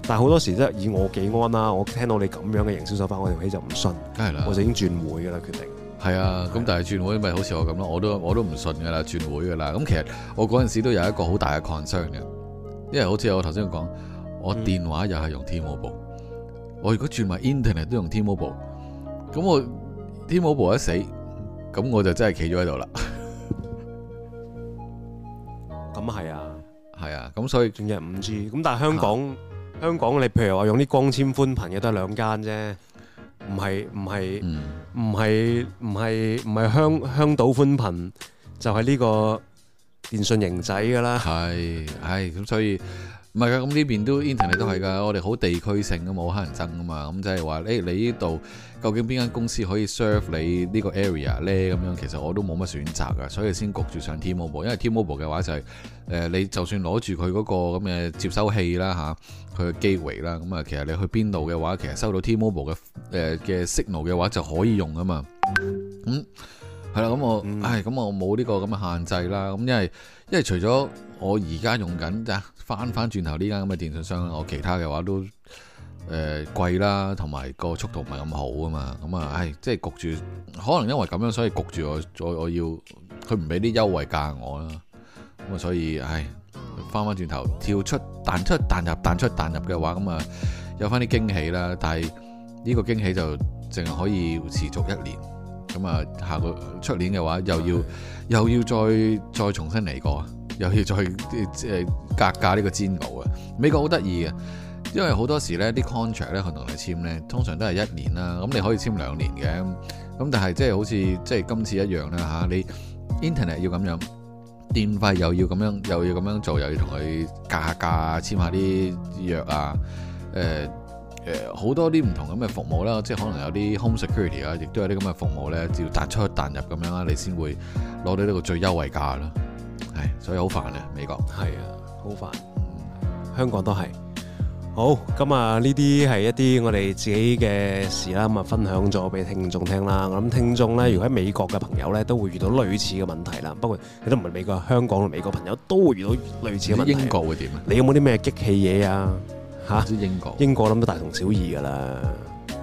但係好多時即係以我幾安啦、啊，我聽到你咁樣嘅營銷手法，我條氣就唔信，梗係啦，我就已經轉會噶啦，決定。係啊，咁、啊啊、但係轉會咪好似我咁咯，我都我都唔信噶啦，轉會噶啦。咁其實我嗰陣時都有一個好大嘅 concern 嘅，因為好似我頭先講，我電話又係用 T-Mobile，、嗯、我如果轉埋 Internet 都用 T-Mobile，咁我 T-Mobile 一死，咁我就真係企咗喺度啦。咁係啊，係啊，咁所以仲係五 G，咁但係香港。啊香港你譬如話用啲光纖寬頻嘅得係兩間啫，唔係唔係唔係唔係唔係香香島寬頻就係、是、呢個電訊型仔噶啦，係係咁所以。唔係㗎，咁呢邊都 Internet 都係㗎。我哋好地區性咁，冇黑人憎㗎嘛。咁即係話你呢度究竟邊間公司可以 serve 你呢個 area 咧？咁樣其實我都冇乜選擇㗎，所以先焗住上 T-Mobile。因為 T-Mobile 嘅話就係、誒呃、你就算攞住佢嗰個咁嘅接收器啦，吓佢嘅 gateway 啦，咁啊，其實你去邊度嘅話，其實收到 T-Mobile 嘅嘅、呃、signal 嘅話就可以用㗎嘛。咁係啦，咁我咁、嗯、我冇呢個咁嘅限制啦。咁因為因為除咗我而家用緊咋。翻翻轉頭呢間咁嘅電信商，我其他嘅話都誒貴、呃、啦，同埋個速度唔係咁好啊嘛。咁、嗯、啊，唉、哎，即係焗住，可能因為咁樣，所以焗住我再我，我要佢唔俾啲優惠價我啦。咁、嗯、啊，所以唉，翻翻轉頭跳出彈出彈入彈出彈入嘅話，咁、嗯、啊有翻啲驚喜啦。但係呢個驚喜就淨係可以持續一年。咁、嗯、啊，下個出年嘅話又要又要再再重新嚟過。又要再誒格價呢個煎熬啊！美國好得意嘅，因為好多時咧啲 contract 咧佢同你簽咧，通常都係一年啦。咁你可以簽兩年嘅，咁但係即係好似即係今次一樣啦嚇，你 internet 要咁樣，電費又要咁樣，又要咁樣做，又要同佢格下價，簽一下啲約啊，誒誒好多啲唔同咁嘅服務啦，即係可能有啲 home security 啊，亦都有啲咁嘅服務咧，要彈出去彈入咁樣啦，你先會攞到呢個最優惠價啦。係，所以好煩咧，美國。係啊，好煩、嗯。香港都係。好，咁啊，呢啲係一啲我哋自己嘅事啦，咁、嗯、啊，分享咗俾聽眾聽啦。我諗聽眾咧，如果喺美國嘅朋友咧，都會遇到類似嘅問題啦。不過，你都唔係美國，香港同美國朋友都會遇到類似嘅問題。英國會點啊？你有冇啲咩激氣嘢啊？嚇、啊？唔知英國。英國諗到大同小異噶啦。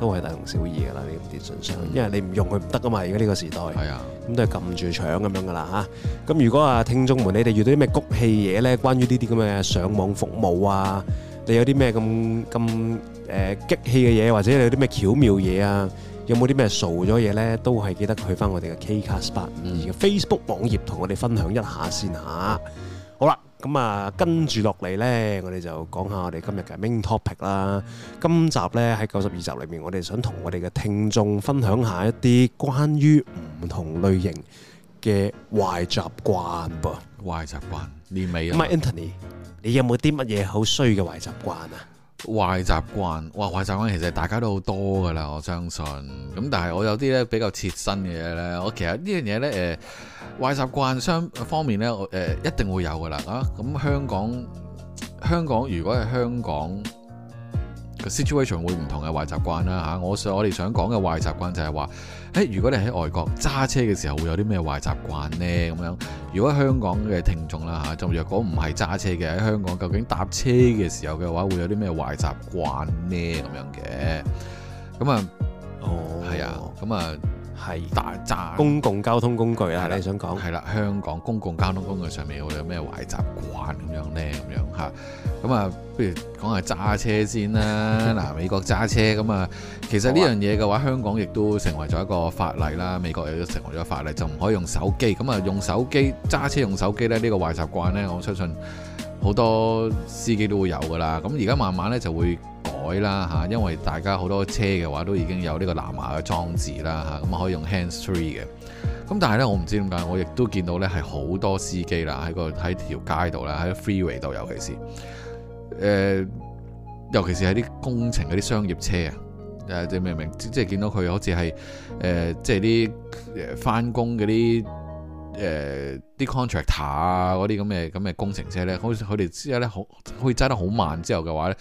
都係大同小異噶啦，呢啲信息，因為你唔用佢唔得噶嘛。而家呢個時代，咁、啊、都係撳住搶咁樣噶啦嚇。咁如果啊聽眾們，你哋遇到啲咩谷氣嘢咧，關於呢啲咁嘅上網服務啊，你有啲咩咁咁誒激氣嘅嘢，或者你有啲咩巧妙嘢啊，有冇啲咩傻咗嘢咧，都係記得去翻我哋嘅 KCast852，而 Facebook 網頁同我哋分享一下先嚇。好啦。咁啊，跟住落嚟呢，我哋就講下我哋今日嘅 main topic 啦。今集呢喺九十二集裏面，我哋想同我哋嘅聽眾分享下一啲關於唔同類型嘅壞習慣噃。壞習慣，你未有啊？唔係 Anthony，你有冇啲乜嘢好衰嘅壞習慣啊？壞習慣，哇！壞習慣其實大家都好多噶啦，我相信。咁但係我有啲咧比較切身嘅嘢咧，我其實這呢樣嘢咧，誒、呃、壞習慣相方面咧，我、呃、一定會有噶啦啊！咁香港香港如果係香港個 situation 會唔同嘅壞習慣啦嚇、啊，我想我哋想講嘅壞習慣就係話。誒，如果你喺外國揸車嘅時候會有啲咩壞習慣呢？咁樣，如果香港嘅聽眾啦嚇，就若果唔係揸車嘅喺香港，究竟搭車嘅時候嘅話，會有啲咩壞習慣呢？咁樣嘅，咁、oh. 啊，哦，係啊，咁啊。係大揸公共交通工具啊！你想講？係啦，香港公共交通工具上面會有咩壞習慣咁樣呢？咁樣嚇咁啊，不如講下揸車先啦。嗱， 美國揸車咁啊，其實呢樣嘢嘅話，香港亦都成為咗一個法例啦。美國亦都成為咗法例，就唔可以用手機。咁啊，用手機揸車用手機咧，呢、呢個壞習慣呢，我相信好多司機都會有噶啦。咁而家慢慢呢，就會。改啦嚇，因為大家好多車嘅話都已經有呢個藍牙嘅裝置啦嚇，咁可以用 hands-free 嘅。咁但係咧，我唔知點解，我亦都見到咧係好多司機啦，喺個喺條街度啦，喺 freeway 度，尤其是誒，尤其是喺啲工程嗰啲商業車啊，誒，你明唔明？即係見到佢好似係誒，即係啲誒返工嗰啲誒啲 contractor 啊，嗰啲咁嘅咁嘅工程車咧，好似佢哋之後咧，好可以揸得好慢之後嘅話咧。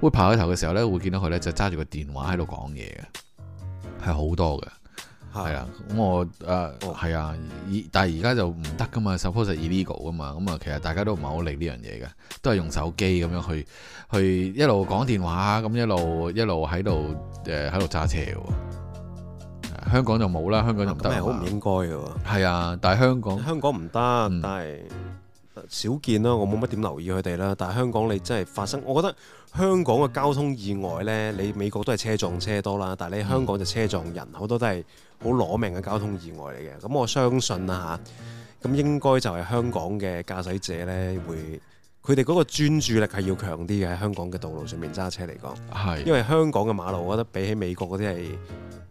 會爬起頭嘅時候咧，會見到佢咧就揸住個電話喺度講嘢嘅，係好多嘅，係啊。咁我誒，係啊，但係而家就唔得噶嘛，suppose is illegal 啊嘛。咁、嗯、啊，其實大家都唔係好理呢樣嘢嘅，都係用手機咁樣去去一路講電話啊，咁一路一路喺度誒喺度揸車。香港就冇啦，香港就唔得，好、啊、唔應該嘅。係啊，但係香港香港唔得、嗯，但係。少見啦，我冇乜點留意佢哋啦。但係香港你真係發生，我覺得香港嘅交通意外呢，你美國都係車撞車多啦，但係你香港就車撞人，好多都係好攞命嘅交通意外嚟嘅。咁我相信啦嚇，咁應該就係香港嘅駕駛者呢會。佢哋嗰個專注力係要強啲嘅。喺香港嘅道路上面揸車嚟講，係因為香港嘅馬路，我覺得比起美國嗰啲係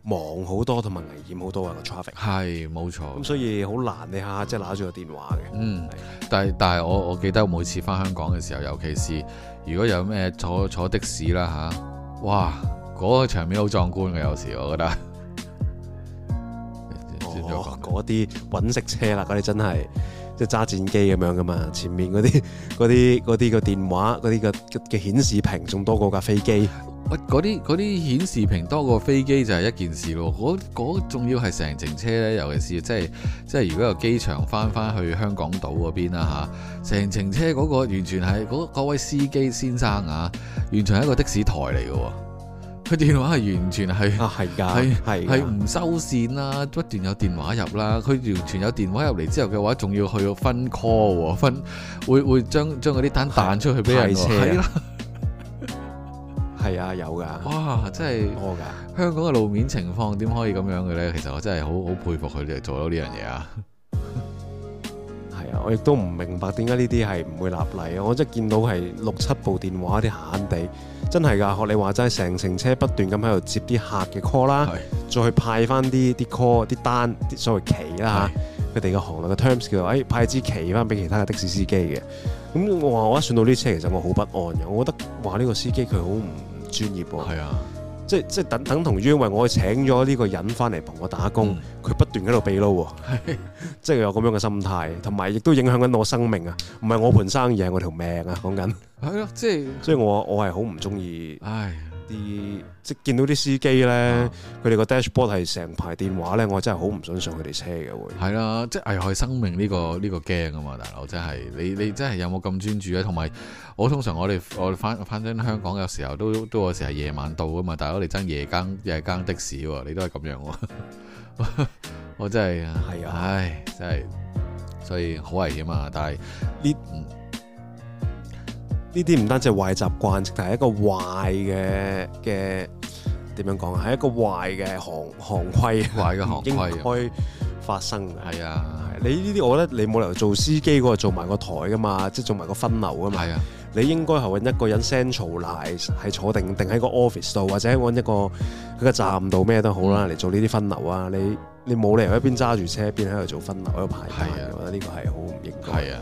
忙好多同埋危險好多啊，個 traffic 係冇錯，咁所以好難你下即係攞住個電話嘅。嗯，但係但係我我記得我每次翻香港嘅時候，尤其是如果有咩坐坐的士啦吓、啊、哇嗰、嗰個場面好壯觀嘅有時，我覺得嗰啲揾食車啦，嗰啲真係。揸戰機咁樣噶嘛，前面嗰啲啲嗰啲個電話，啲個嘅顯示屏仲多過架飛機。喂，嗰啲嗰啲顯示屏多過飛機就係一件事咯。嗰仲要係成程車咧，尤其是即係即係如果由機場翻翻去香港島嗰邊啦吓，啊，成程車嗰個完全係嗰位司機先生啊，完全係一個的士台嚟嘅。佢電話係完全係啊，係㗎，係唔收線啦，不斷有電話入啦。佢完全有電話入嚟之後嘅話，仲要去到分 call 喎，分會會將將嗰啲單彈出去俾人喎。啦，係啊， 有㗎。哇，真係多㗎！香港嘅路面情況點可以咁樣嘅咧？其實我真係好好佩服佢哋做到呢樣嘢啊！係啊，我亦都唔明白點解呢啲係唔會立例啊！我真係見到係六七部電話，啲閒閒地。真係噶，學你話齋，成程車不斷咁喺度接啲客嘅 call 啦，再去派翻啲啲 call、啲單、啲所謂旗啦嚇，佢哋嘅行業嘅 terms 叫誒派支旗翻俾其他嘅的，的士司機嘅。咁我話我一算到呢車，其實我好不安嘅，我覺得話呢、呢個司機佢好唔專業噃。係啊。即即等等同於，因為我請咗呢個人翻嚟同我打工，佢、嗯、不斷喺度避撈喎，是 即係有咁樣嘅心態，同埋亦都影響緊我生命啊！唔係我盤生意係我條命啊！講緊係咯，即係所以我我係好唔中意。唉啲即係見到啲司機咧，佢哋個 dashboard 係成排電話咧，我真係好唔想上佢哋車嘅喎、啊。係、就、啦、是，即係危害生命呢、這個呢、這個驚啊嘛，大佬真係你你真係有冇咁專注啊？同埋我通常我哋我哋翻翻返香港有時候都都有時係夜晚到㗎嘛，大佬你真係夜更又夜更的士喎、啊，你都係咁樣喎、啊，我真係係啊，唉真係所以好危險啊！但係呢，呢啲唔單止係壞習慣，直頭係一個壞嘅嘅點樣講？係一個壞嘅行行規，壞嘅行規 唔應該發生。係啊，你呢啲我覺得你冇理由做司機嗰個做埋個台噶嘛，即、就、係、是、做埋個分流噶嘛。係啊，你應該係揾一個人 centralize，係坐定定喺個 office 度，或者揾一個佢個站度咩都好啦嚟、嗯、做呢啲分流啊、嗯！你你冇理由一邊揸住車，嗯、邊喺度做分流喺度、那個、排隊。我覺得呢個係好唔應該的。係啊。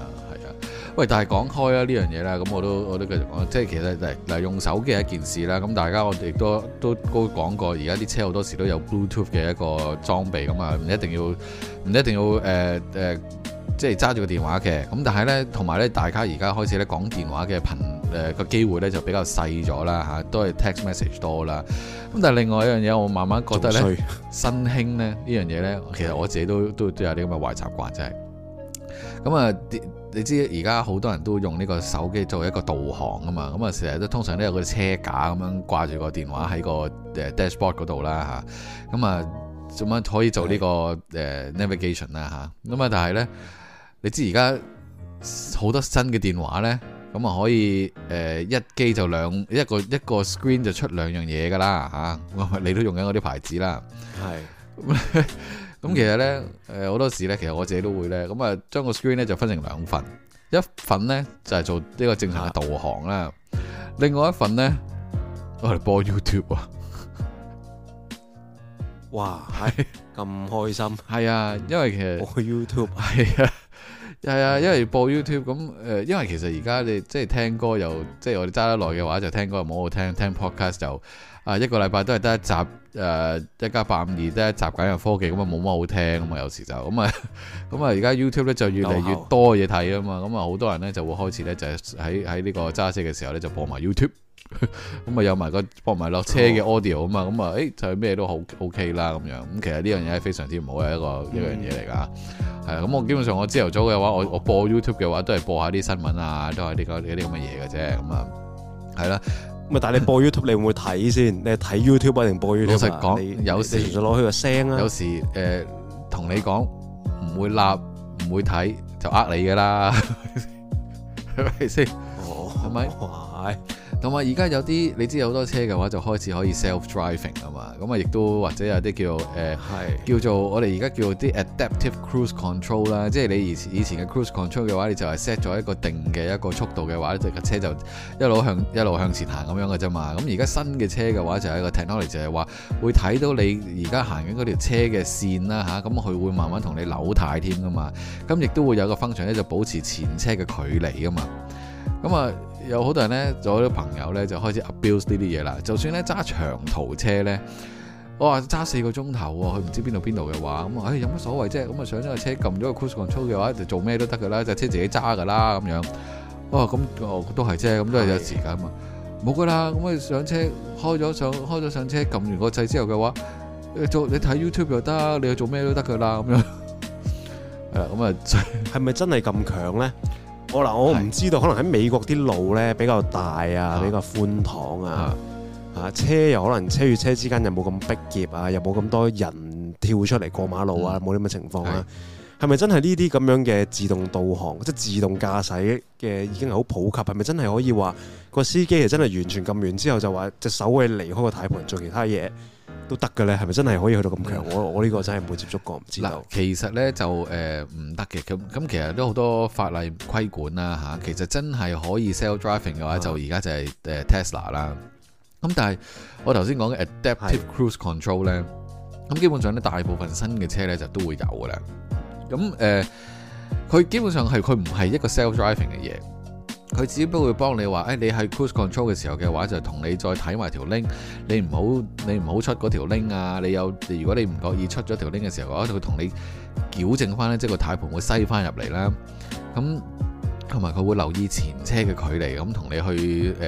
喂，但係講開啦呢樣嘢啦，咁我都我都繼續講，即係其實嚟嚟用手機係一件事啦。咁大家我哋都都都講過，而家啲車好多時都有 Bluetooth 嘅一個裝備，咁啊唔一定要唔一定要誒誒、呃呃，即係揸住個電話嘅。咁但係咧，同埋咧，大家而家開始咧講電話嘅頻誒個機會咧就比較細咗啦嚇，都係 text message 多啦。咁但係另外一樣嘢，我慢慢覺得咧，新興咧呢樣嘢咧，其實我自己都都都有啲咁嘅壞習慣，真係。咁啊你知而家好多人都用呢個手機做一個導航啊嘛，咁啊成日都通常都有個車架咁樣掛住個電話喺個誒、呃、dashboard 嗰度啦嚇，咁啊做乜可以做呢、這個誒、呃、navigation 啦、啊、嚇，咁啊但係呢，你知而家好多新嘅電話呢，咁啊可以誒、呃、一機就兩一個一個 screen 就出兩樣嘢噶啦嚇、啊，你都用緊嗰啲牌子啦，係。 咁其實咧，好、嗯、多時咧，其實我自己都會咧，咁啊將個 screen 咧就分成兩份，一份咧就係、是、做呢個正常嘅導航啦、啊，另外一份咧我嚟播 YouTube 啊，哇，係 咁開心，係啊，因為其實播 YouTube 係啊，係啊，啊，因為播 YouTube 咁、呃、因為其實而家你即係、就是、聽歌又即係、就是、我哋揸得耐嘅話，就聽歌又唔好聽，聽 podcast 就。啊、uh，一個禮拜都係得一集，誒、uh，一加八五二得一集講緊嘅科技，咁啊冇乜好聽啊嘛，有時就咁啊，咁啊而家 YouTube 咧就越嚟越多嘢睇啊嘛，咁啊好多人咧就會開始咧就係喺喺呢個揸車嘅時候咧就播埋 YouTube，咁啊有埋個播埋落車嘅 audio 啊嘛，咁啊誒就係咩都好 OK 啦咁樣，咁其實呢樣嘢係非常之唔好嘅、嗯、一個一樣嘢嚟㗎，係啊，咁我基本上我朝頭早嘅話，我我播 YouTube 嘅話都係播下啲新聞啊，都係啲咁啲咁嘅嘢嘅啫，咁啊係啦。咪但你播 YouTube，你會唔會睇先？你係睇 YouTube 啊，定播 YouTube 啊？老實講，你有時就攞佢個聲啊，有時誒同、呃、你講唔會立，唔會睇就呃你噶啦，係咪先？哦，係咪？同埋而家有啲，你知有好多車嘅話就開始可以 self driving 啊嘛，咁啊亦都或者有啲叫誒、呃，叫做我哋而家叫啲 adaptive cruise control 啦，即係你以以前嘅 cruise control 嘅話，你就係 set 咗一個定嘅一個速度嘅話，即係架車就一路向一路向前行咁樣嘅啫嘛。咁而家新嘅車嘅話就係一個 technology，就係話會睇到你而家行緊嗰條車嘅線啦吓，咁、啊、佢會慢慢同你扭軚添㗎嘛，咁亦都會有一個 function 咧，就保持前車嘅距離㗎嘛，咁啊。有好多人咧，就有啲朋友咧就開始 abuse 呢啲嘢啦。就算咧揸長途車咧，我話揸四個鐘頭喎，佢唔知邊度邊度嘅話，咁、嗯、啊，唉、哎，有乜所謂啫？咁、嗯、啊，上咗個車，撳咗個 cruise control 嘅話，就做咩都得噶啦，就車自己揸噶啦咁樣。哦，咁、嗯哦、都係啫，咁都係有時間啊嘛，冇噶啦。咁啊、嗯、上車開咗上開咗上車撳完個掣之後嘅話，做你睇 YouTube 又得，你去做咩都得噶啦咁樣。誒， 咁、嗯、啊，係咪真係咁強咧？我唔知道，可能喺美國啲路呢比較大啊，啊，比較寬敞啊，嚇、啊啊、車又可能車與車之間又冇咁逼夾啊，又冇咁多人跳出嚟過馬路啊，冇呢啲咁嘅情況啊，係咪真係呢啲咁樣嘅自動導航即係、就是、自動駕駛嘅已經係好普及？係咪真係可以話個司機係真係完全撳完之後就話隻手可以離開個軚盤做其他嘢？都得嘅咧，係咪真係可以去到咁強？我我呢個真係冇接觸過，唔知道。其實咧就誒唔得嘅，咁、呃、咁其實都好多法例規管啦嚇、啊。其實真係可以 self driving 嘅話、啊、就而家就係 Tesla 啦。咁但係我頭先講嘅 adaptive cruise control 咧，咁基本上咧大部分新嘅車咧就都會有嘅啦。咁佢、呃、基本上係佢唔係一個 self driving 嘅嘢。佢只不過會幫你話，誒、哎，你係 cruise control 嘅時候嘅話，就同你再睇埋條 link，你唔好，你唔好出嗰條 link 啊！你有，如果你唔覺意出咗條 link 嘅時候，佢同你矯正翻咧，即係個軚盤會西翻入嚟啦。咁同埋佢會留意前車嘅距離，咁同你去誒誒、呃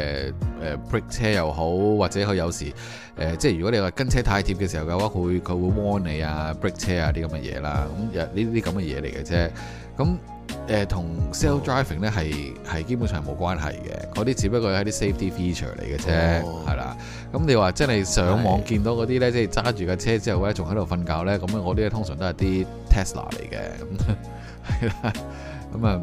呃、break 車又好，或者佢有時誒、呃，即係如果你話跟車太貼嘅時候嘅話，佢會佢會 warn 你啊，break 車啊啲咁嘅嘢啦。咁呢啲咁嘅嘢嚟嘅啫，咁。誒、呃，同 self driving 咧，係係基本上係冇關係嘅，嗰啲只不過係啲 safety feature 嚟嘅啫，係、oh. 啦。咁你話真係上網見到嗰啲咧，即係揸住架車之後咧，仲喺度瞓覺咧，咁我啲通常都係啲 Tesla 嚟嘅，係咁啊，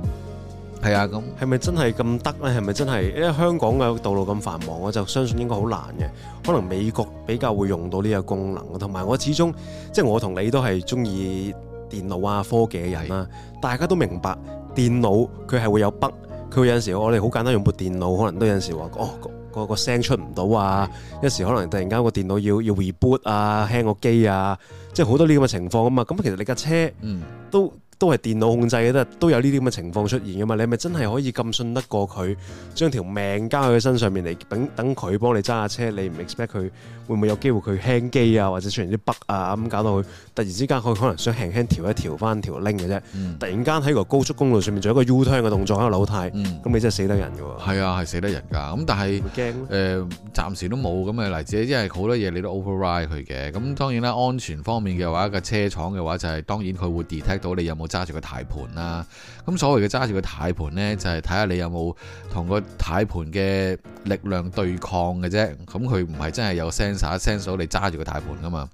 係啊，咁係咪真係咁得咧？係咪真係？因為香港嘅道路咁繁忙，我就相信應該好難嘅。可能美國比較會用到呢個功能，同埋我始終，即係我同你都係中意。電腦啊，科技嘅人啦、啊，大家都明白電腦佢係會有 bug，佢有陣時我哋好簡單用部電腦，可能都有陣時話哦，個個,個聲出唔到啊，有時可能突然間個電腦要要 reboot 啊，輕個機啊，即係好多呢啲咁嘅情況啊嘛，咁其實你架車嗯都。都係電腦控制嘅都都有呢啲咁嘅情況出現㗎嘛，你咪真係可以咁信得過佢將條命交喺佢身上面嚟，等等佢幫你揸下車，你唔 expect 佢會唔會有機會佢輕機啊，或者出現啲 bug 啊咁搞到佢突然之間佢可能想輕輕調一調翻條 link 嘅啫，突然間喺個高速公路上面做一個 U turn 嘅動作，喺度扭軚，咁、嗯、你真係死得人㗎喎。係啊，係死得人㗎，咁但係會驚、呃、暫時都冇咁嘅例子，因為好多嘢你都 override 佢嘅，咁當然啦，安全方面嘅話，個車廠嘅話就係、是、當然佢會 detect 到你有冇。揸住個軚盤啦，咁所謂嘅揸住個軚盤呢，就係睇下你有冇同個軚盤嘅力量對抗嘅啫。咁佢唔係真係有 sense，sense 到你揸住個軚盤噶嘛。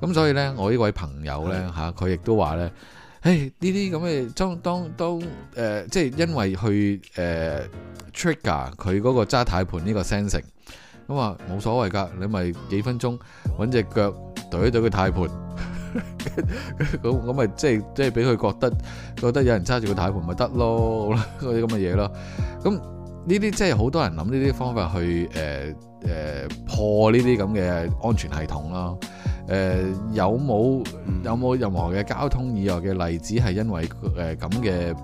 咁所以呢，我呢位朋友呢，嚇、啊，佢亦都話呢：「誒呢啲咁嘅，當當當誒，即係因為去誒、呃、trigger 佢嗰個揸軚盤呢個 sensing，咁話冇所謂噶，你咪幾分鐘揾隻腳懟一懟個軚盤。咁咁咪即係即係俾佢覺得覺得有人揸住個軚盤咪得咯，嗰啲咁嘅嘢咯。咁呢啲即係好多人諗呢啲方法去誒誒、呃呃、破呢啲咁嘅安全系統咯。誒、呃、有冇有冇任何嘅交通意外嘅例子係因為誒咁嘅誒？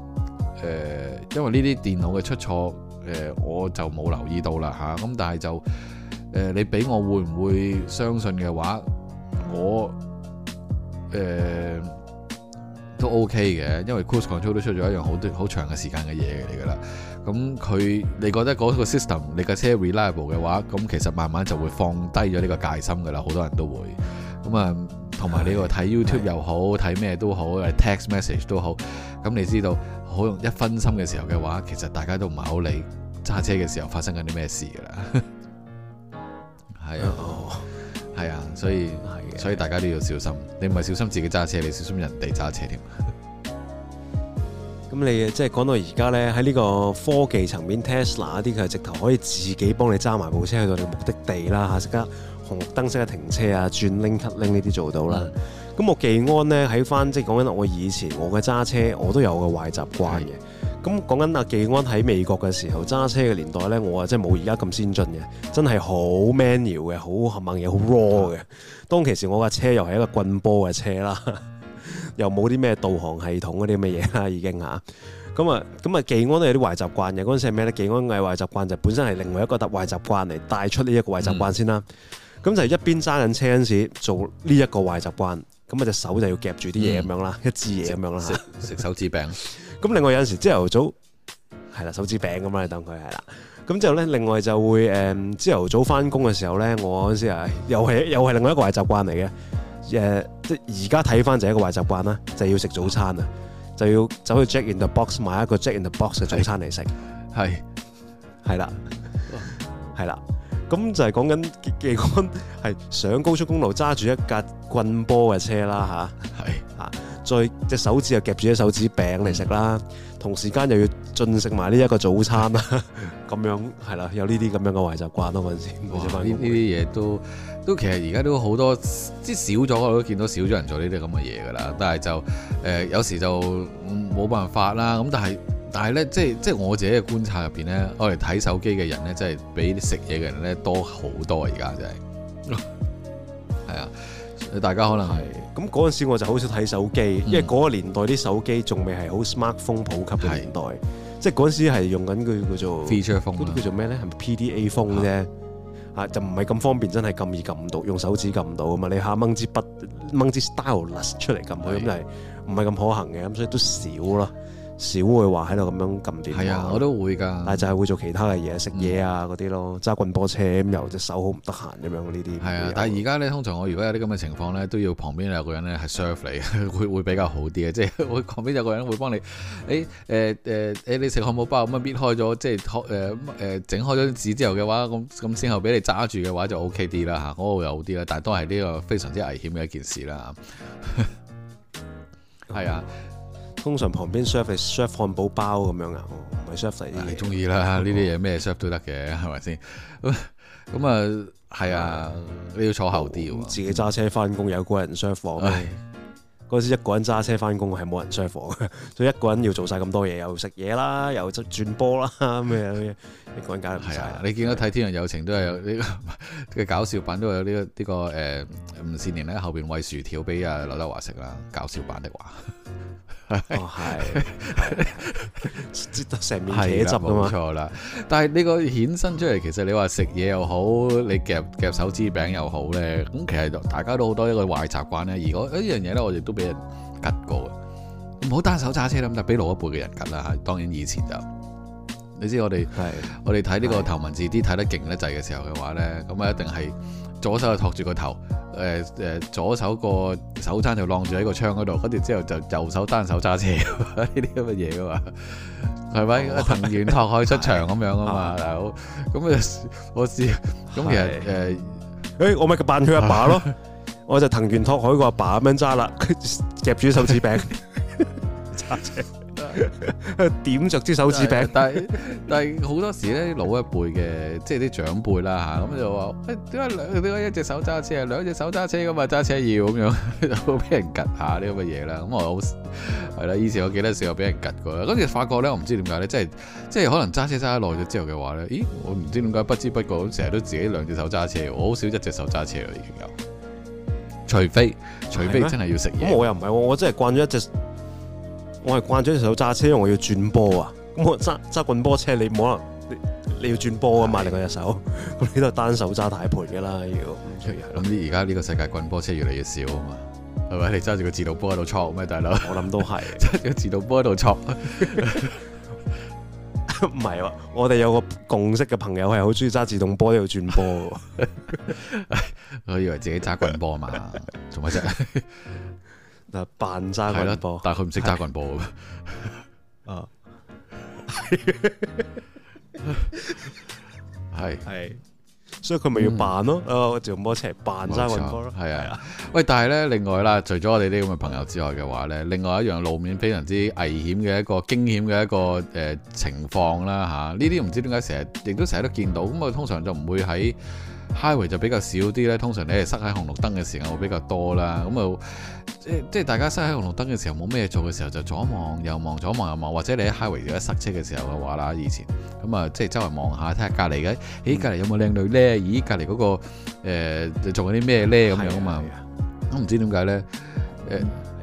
因為呢啲電腦嘅出錯誒、呃，我就冇留意到啦吓。咁、啊、但係就誒、呃，你俾我會唔會相信嘅話我？誒、呃，都 OK 嘅，因為 Cruise Control 都出咗一樣好多好長嘅時間嘅嘢嚟噶啦。咁、嗯、佢你覺得嗰個 system 你架車 reliable 嘅話，咁、嗯、其實慢慢就會放低咗呢個戒心噶啦。好多人都會，咁、嗯、啊，同埋你話睇 YouTube 又好，睇咩都好，誒 Text Message 都好。咁、嗯、你知道好容易一分心嘅時候嘅話，其實大家都唔係好理揸車嘅時候發生緊啲咩事噶啦。係啊。Oh. 嗯係啊，所以所以大家都要小心。你唔係小心自己揸車，你要小心人哋揸車添。咁你即係講到而家呢，喺呢個科技層面，Tesla 啲佢係直頭可以自己幫你揸埋部車去到你的目的地啦吓，即刻紅綠燈識嘅停車啊，轉 link 甩 link 呢啲做到啦。咁、嗯、我技安呢，喺翻即係講緊我以前我嘅揸車，我都有我嘅壞習慣嘅。咁講緊阿技安喺美國嘅時候揸車嘅年代咧，我啊真係冇而家咁先進嘅，真係好 manual 嘅，好硬嘢，好 raw 嘅。當其時我架車又係一個棍波嘅車啦，又冇啲咩導航系統嗰啲咁嘅嘢啦，已經嚇。咁啊咁啊，技安都有啲壞習慣嘅。嗰陣時係咩咧？技安嘅壞習慣就本身係另外一個特壞習慣嚟帶出呢一個壞習慣先啦。咁、嗯、就係一邊揸緊車嗰時做呢一個壞習慣。咁啊隻手就要夾住啲嘢咁樣啦，一支嘢咁樣啦，食手指餅。咁另外有陣時朝頭早係啦，手指餅咁啦，當佢係啦。咁之後咧，另外就會誒朝頭早翻工嘅時候咧，我先啊、哎，又係又係另外一個壞習慣嚟嘅。誒即而家睇翻就係一個壞習慣啦，就係、要食早餐啊，就要走去 Jack in the Box 買一個 Jack in the Box 嘅早餐嚟食，係係啦，係 啦。咁就係講緊，亦講係上高速公路揸住一架棍波嘅車啦嚇，係嚇，再隻手指又夾住隻手指餅嚟食啦，同時間又要進食埋呢一個早餐啦，咁樣係啦，有呢啲咁樣嘅壞習慣咯，嗰陣時。哇！呢啲嘢都都其實而家都好多，即係少咗我都見到少咗人做呢啲咁嘅嘢噶啦，但係就誒有時就冇辦法啦，咁但係。但係咧，即係即係我自己嘅觀察入邊咧，我哋睇手機嘅人咧，真係比食嘢嘅人咧多好多。而家真係，係啊、就是， 大家可能係咁嗰陣時，我就好少睇手機、嗯，因為嗰個年代啲手機仲未係好 smartphone 普及嘅年代，即係嗰陣時係用緊佢叫做 feature phone，嗰啲叫做咩咧？係 PDA phone 啫，嚇就唔係咁方便，真係咁易撳唔到，用手指撳唔到啊嘛！你下掹支筆、掹支 stylus 出嚟撳佢咁就係唔係咁可行嘅，咁所以都少咯。少會話喺度咁樣撳電話，係啊，我都會㗎。但就係會做其他嘅嘢，食嘢啊嗰啲、嗯、咯，揸棍波車咁又隻手好唔得閒咁樣呢啲。係啊，但係而家咧，通常我如果有啲咁嘅情況咧，都要旁邊有個人咧係 serve 你，嗯、會會比較好啲啊。即係我旁邊有個人會幫你，誒誒誒，你食漢堡包咁啊，搣開咗，即係、欸呃、開誒整開咗紙之後嘅話，咁咁先後俾你揸住嘅話就 OK 啲啦嚇，嗰個又好啲啦。但係都係呢個非常之危險嘅一件事啦。係啊。嗯通常旁邊 serve serve 漢堡包咁樣、那個、啊，唔係 serve 第一。你中意啦，呢啲嘢咩 serve 都得嘅，係咪先咁咁啊？係啊，你要坐後啲、嗯，自己揸車翻工，有個人 serve 房。嗰時一個人揸車翻工係冇人 serve 房， 所以一個人要做晒咁多嘢，又食嘢啦，又轉波啦，咁嘅一個人搞唔晒。係啊，啊，你見到睇《天人有情》都係有呢、這個嘅、啊這個、搞笑版都、這個，都、這、有、個這個呃、呢個呢個誒吳善年咧後邊餵薯條俾阿劉德華食啦，搞笑版的話。是哦係，得成 面茄冇噶嘛，錯啦。但係呢個衍生出嚟， 其實你話食嘢又好，你夾夾手指餅又好咧，咁其實大家都好多一個壞習慣咧。如果呢樣嘢咧，我哋都俾人拮過，唔好單手揸車啦，咁就俾老一輩嘅人拮啦吓。當然以前就，你知我哋，我哋睇呢個頭文字 D 睇得勁得滯嘅時候嘅話咧，咁啊一定係。左手就托住個頭，誒誒，左手個手踭就晾住喺個窗嗰度，跟住之後就右手單手揸車呢啲咁嘅嘢噶嘛，係 咪？藤原拓海出場咁 樣噶的嘛，大 佬，咁我試，咁其實誒，誒、 呃欸，我咪扮佢阿爸咯， 我就藤原拓海個阿爸咁樣揸啦，夾住手指餅揸 車。 點着支手指柄 但，但係但係好多時咧，老一輩嘅即係啲長輩啦吓，咁、啊、就話點解點解一隻手揸車，兩隻手揸車咁啊揸車要咁樣，就、啊、俾人吉下啲咁嘅嘢啦。咁我好，係啦，以前我記得時候俾人吉過，咁其實發覺咧，我唔知點解咧，即係即係可能揸車揸耐咗之後嘅話咧，咦，我唔知點解不知不覺，成日都自己兩隻手揸車，我好少一隻手揸車啦，已經有，除非除非真係要食嘢，我又唔係，我真係慣咗一隻。我係慣咗隻手揸車，因為我要轉波啊！咁我揸揸棍波車，你唔可能，你，你要轉波啊嘛？另外隻手，我呢度單手揸大盤噶啦，要諗住而家呢個世界棍波車越嚟越少啊嘛，係 咪？你揸住個自動波喺度搓咩，大佬？我諗都係揸住個自動波喺度搓，唔係啊！我哋有個共識嘅朋友係好中意揸自動波喺度轉波，我以為自己揸棍波啊嘛，做乜啫？ 扮揸棍波，但係佢唔識揸棍波啊係係、 嗯，所以佢咪要扮咯、嗯，啊就摩托車扮揸棍波咯，係啊， 喂，但係咧，另外啦，除咗我哋呢咁嘅朋友之外嘅話咧，另外一樣路面非常之危險嘅一個驚險嘅一個誒、呃、情況啦吓，呢啲唔知點解成日亦都成日都見到，咁啊通常就唔會喺。嗯 highway 就比較少啲咧，通常你係塞喺紅綠燈嘅時候會比較多啦。咁啊，即即係大家塞喺紅綠燈嘅時候冇咩做嘅時候，時候就左望右望左望右望，或者你喺 highway 而家塞車嘅時候嘅話啦，以前咁、欸欸那個欸、啊，即係周圍望下睇下隔離嘅，咦，隔離有冇靚女咧？咦，隔離嗰個誒做緊啲咩咧？咁樣啊嘛，咁唔知點解咧，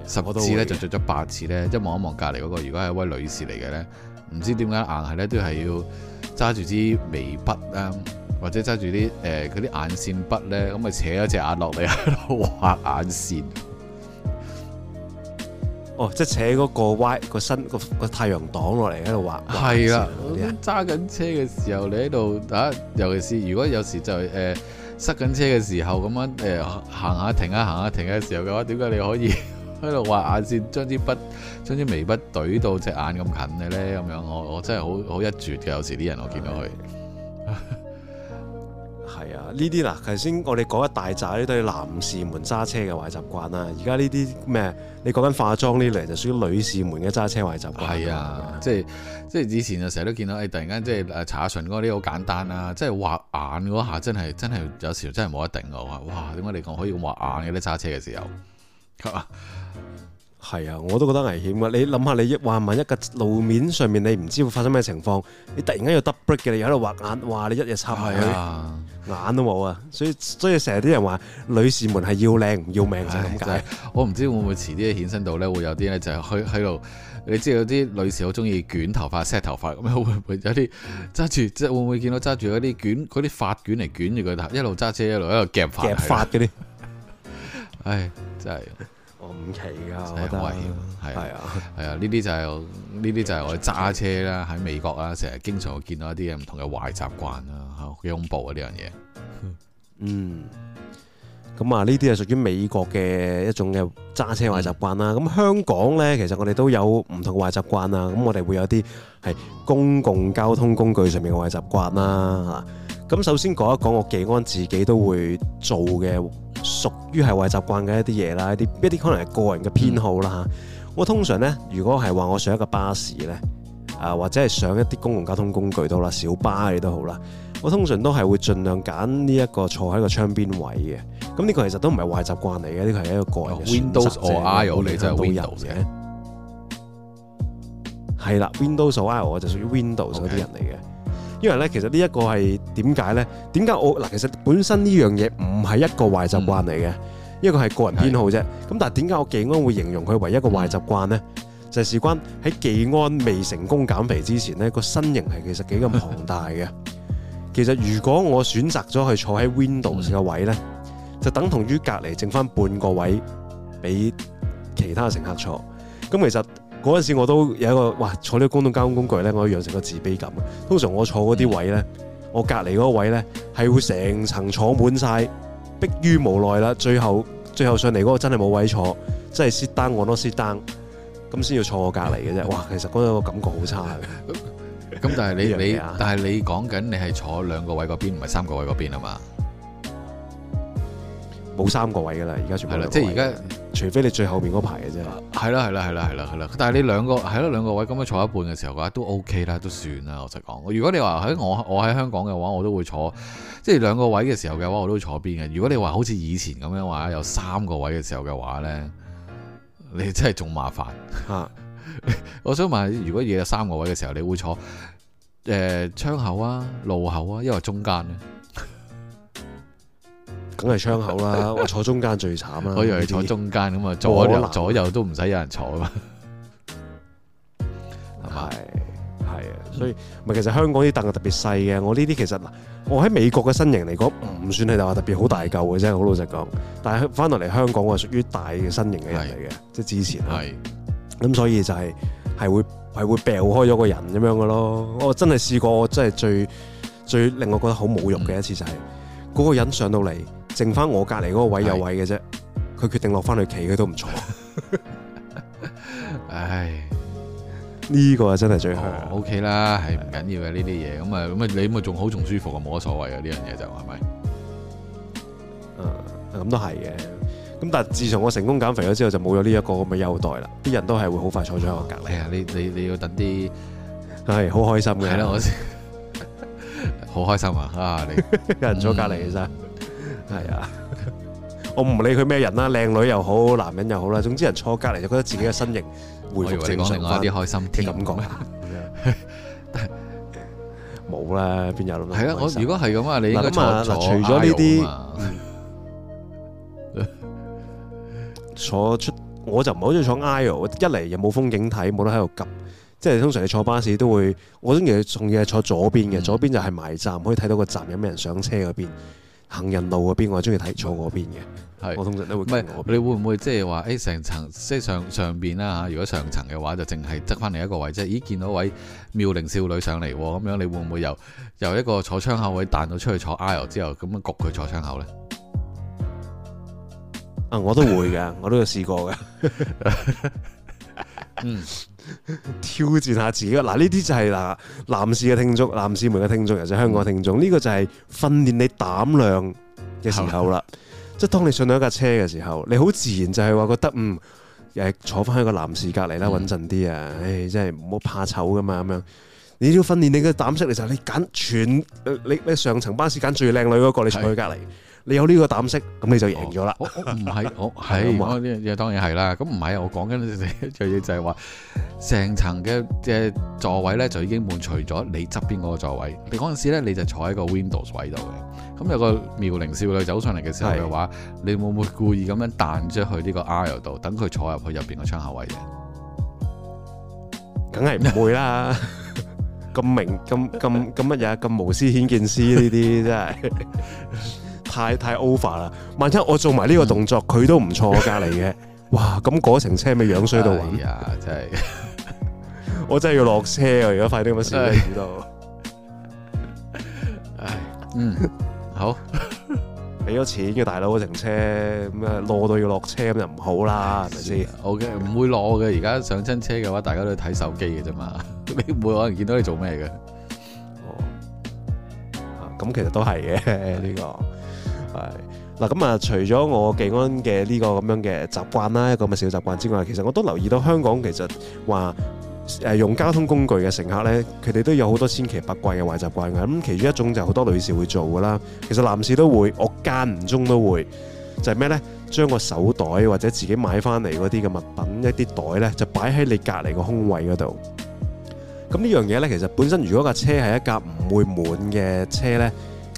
誒十次咧就着咗八次咧，一望一望隔離嗰個，如果係一位女士嚟嘅咧，唔知點解硬係咧都係要揸住支眉筆啦。或者揸住啲誒啲眼線筆咧，咁咪扯咗隻眼落嚟喺度畫眼線。哦，即係扯嗰個歪個身個、嗰個太陽擋落嚟喺度畫。係啊，揸緊車嘅時候你喺度啊，尤其是如果有時就係誒、呃、塞緊車嘅時候咁樣誒、呃、行下停下、啊、行下停嘅時候嘅話，點解你可以喺度畫眼線，將支筆將支眉筆對到隻眼咁近嘅咧？咁樣我我真係好好一絕嘅，有時啲人我見到佢。 係啊，呢啲嗱，頭先我哋講一大扎呢都係男士們揸車嘅壞習慣啦、啊。而家呢啲咩，你講緊化妝呢嚟，就屬於女士們嘅揸車壞習慣。係啊，啊即係即係以前就成日都見到，誒、哎、突然間即係擦下唇嗰啲好簡單啊，即係畫眼嗰下真係真係有時候真係冇得頂㗎。我話哇，點解你講可以咁畫眼嘅咧揸車嘅時候？ 係啊，我都覺得危險啊。你諗下，你一話萬一個路面上面，你唔知會發生咩情況？你突然間又 double brake 嘅，你又喺度畫眼，哇！你一日插埋、哎、眼都冇啊！所以所以成日啲人話，女士們係要靚唔要命就係咁解、哎、我唔知會唔會遲啲嘅衍生到咧，會有啲咧就係喺度。你知道有啲女士好中意捲頭髮、set 頭髮咁樣，會唔會有啲揸住即係會唔會見到揸住嗰啲卷嗰啲髮卷嚟捲住佢頭，一路揸車一路喺度夾發。夾發嗰啲，唉、啊哎，真係。唔奇噶，真係好危險，係啊，呢啲、啊啊、就係呢啲就係我哋揸車啦，喺美國啦，成日經常會見到一啲唔同嘅壞習慣啦。吓，好恐怖啊呢樣嘢。嗯，咁啊，呢啲係屬於美國嘅一種嘅揸車壞習慣啦。咁香港呢，其實我哋都有唔同嘅壞習慣啦。咁我哋會有啲係公共交通工具上面嘅壞習慣啦。咁首先講一講我記安自己都會做嘅，屬於係壞習慣嘅一啲嘢啦，一啲一啲可能係個人嘅偏好啦嚇、嗯。我通常咧，如果係話我上一個巴士咧，啊或者係上一啲公共交通工具都啦，小巴你都好啦，我通常都係會盡量揀呢、這個、一個坐喺個窗邊位嘅。咁呢個其實都唔係壞習慣嚟嘅，呢、這個係一個個人選擇嘅，你真係到人嘅。係啦，Windows or iOS 我就屬於 Windows 嗰、okay. 啲人嚟嘅。因為咧，其實呢一個係點解咧？點解我嗱？其實本身呢樣嘢唔係一個壞習慣嚟嘅，因為佢係個人偏好啫。咁但係點解我技安會形容佢為一個壞習慣咧？就係事關喺技安未成功減肥之前咧，個身形係其實幾咁龐大嘅。其實如果我選擇咗去坐喺 window 嘅位咧，就等同於隔籬剩翻半個位俾其他乘客坐。咁其實。嗰陣時我都有一個哇，坐呢啲公共交通工具咧，我都養成個自卑感。通常我坐嗰啲位咧，我隔離嗰位咧係會成層坐滿晒，逼於無奈啦，最後最後上嚟嗰個真係冇位坐，真係蝕單我都蝕單，咁先要坐我隔離嘅啫。哇，其實嗰個感覺好差咁 但係是你 你， 你但係你講緊你係坐兩個位嗰邊，唔係三個位嗰邊啊嘛？冇三個位㗎啦，而家全部係啦，即係而家除非你最後邊嗰排嘅啫。係啦，係啦，係啦，係啦，係啦。但係你兩個係咯，兩個位咁樣坐一半嘅時候嘅話，都 OK 啦，都算啦。我實講，如果你話喺我，在我喺香港嘅話，我都會坐即係兩個位嘅時候嘅話，我都會坐邊嘅？如果你話好似以前咁樣話有三個位嘅時候嘅話呢，你真係仲麻煩嚇。啊、 我想問，如果要有三個位嘅時候，你會坐誒、呃、窗口啊、路口啊，因為中間咧？梗係窗口啦， 我坐中間最慘啊！我以為你坐中間咁啊，左右左右都唔使有人坐啊嘛，係係啊，所以唔、嗯、其實香港啲凳係特別細嘅。我呢啲其實嗱，我喺美國嘅身形嚟講唔算係話特別好大嚿嘅啫，好老實講。但係翻到嚟香港我係，屬於大嘅身形嘅人嚟嘅，即係、就是、之前係咁，所以就係、是、係會係會掉開咗個人咁樣嘅咯。我真係試過真，真係最最令我覺得好侮辱嘅一次就係、是、嗰、嗯那個人上到嚟。剩翻我隔籬嗰個位有位嘅啫，佢決定落翻去企，佢都唔錯。唉，呢個真係最好。O K 啦，係唔緊要嘅呢啲嘢，咁啊咁啊你咁仲好仲舒服啊，冇乜所謂啊呢樣嘢，就係咪？咁都係嘅。咁但係自從我成功減肥咗之後，就冇咗呢一個咁嘅優待啦。啲人都係會好快坐咗喺我隔籬啊！你你你要等啲，係、哎、好開心嘅。啦，我好 開心啊！啊，你 有人坐隔籬啊？嗯係啊，我唔理佢咩人啦，靚女又好，男人又好啦，總之人坐隔籬就覺得自己嘅身形恢復正常快啲翻，你你開心， 開心，咁感啦。冇啦，邊有係啊，我如果係咁啊，你咁啊，除咗呢啲，坐出我就唔係好中意坐 aisle，一嚟又冇風景睇，冇得喺度 𥄫，即係通常你坐巴士都會，我中意仲要係坐左邊嘅、嗯，左邊就係埋站，可以睇到個站有咩人上車嗰邊。行人路嗰邊，我邊，我係中意睇坐嗰邊嘅，係我通常都會唔係你會唔會、欸、即係話誒成層即係上上邊啦嚇？如果上層嘅話，就淨係側翻另一個位即啫。咦，見到位妙齡少女上嚟喎，咁樣你會唔會由由一個坐窗口位彈到出去坐 aisle 之後，咁樣焗佢坐窗口呢？啊、嗯，我都會嘅， 我都有試過嘅。 嗯。挑戰一下自己嗱，呢啲就係嗱，男士嘅聽眾，男士們嘅聽眾，尤其香港嘅聽眾，呢、這個就係訓練你膽量嘅時候啦。即係當你上到一架車嘅時候，你好自然就係話覺得嗯，誒坐翻喺個男士隔籬啦，穩陣啲啊。唉、哎，真係唔好怕醜噶嘛，咁樣。你要訓練你嘅膽識，就是、你就你揀全，你你上層巴士揀最靚女嗰個，你坐佢隔籬。你有呢個膽識，咁你就贏咗啦。唔、哦、係、哦哦，我係我呢樣嘢當然係啦。咁唔係，我講緊一樣嘢就係話，成層嘅嘅座位咧就已經滿除咗你側邊嗰個座位。你嗰陣時咧，你就坐喺個 Windows 位度嘅。咁有個妙齡少女走上嚟嘅時候嘅話，你會唔會故意咁樣彈出去呢個 R 度，等佢坐入去入邊個窗口位嘅？梗係唔會啦。咁 明咁咁咁乜嘢？咁無私顯見師呢啲真係。 太太 over 啦！萬一我做埋呢個動作，佢、嗯、都唔坐、嗯、我隔離嘅。 哇！咁嗰程車咪樣衰到～係、哎、啊，真係！ 我真係要落車啊！而家快啲乜事喺度。唉、哎哎，嗯，好。俾咗錢嘅大佬嗰程車咁啊，落到要落車咁就唔好啦，係咪先？O K，唔會攞嘅。而家上親車嘅話，大家都睇手機嘅啫嘛，你冇可能見到你做咩嘅。哦，啊、哦，咁其實都係嘅呢個。係嗱，咁啊，除咗我技安嘅呢個咁樣嘅習慣啦，一個咁嘅小習慣之外，其實我都留意到香港其實話誒用交通工具嘅乘客咧，佢哋都有好多千奇百怪嘅壞習慣嘅。咁其中一種就係好多女士會做㗎啦，其實男士都會，我間唔中都會，就係咩咧？將個手袋或者自己買翻嚟嗰啲嘅物品，一啲袋咧，就擺喺你隔離個空位嗰度。咁呢樣嘢咧，其實本身如果架車係一架唔會滿嘅車咧。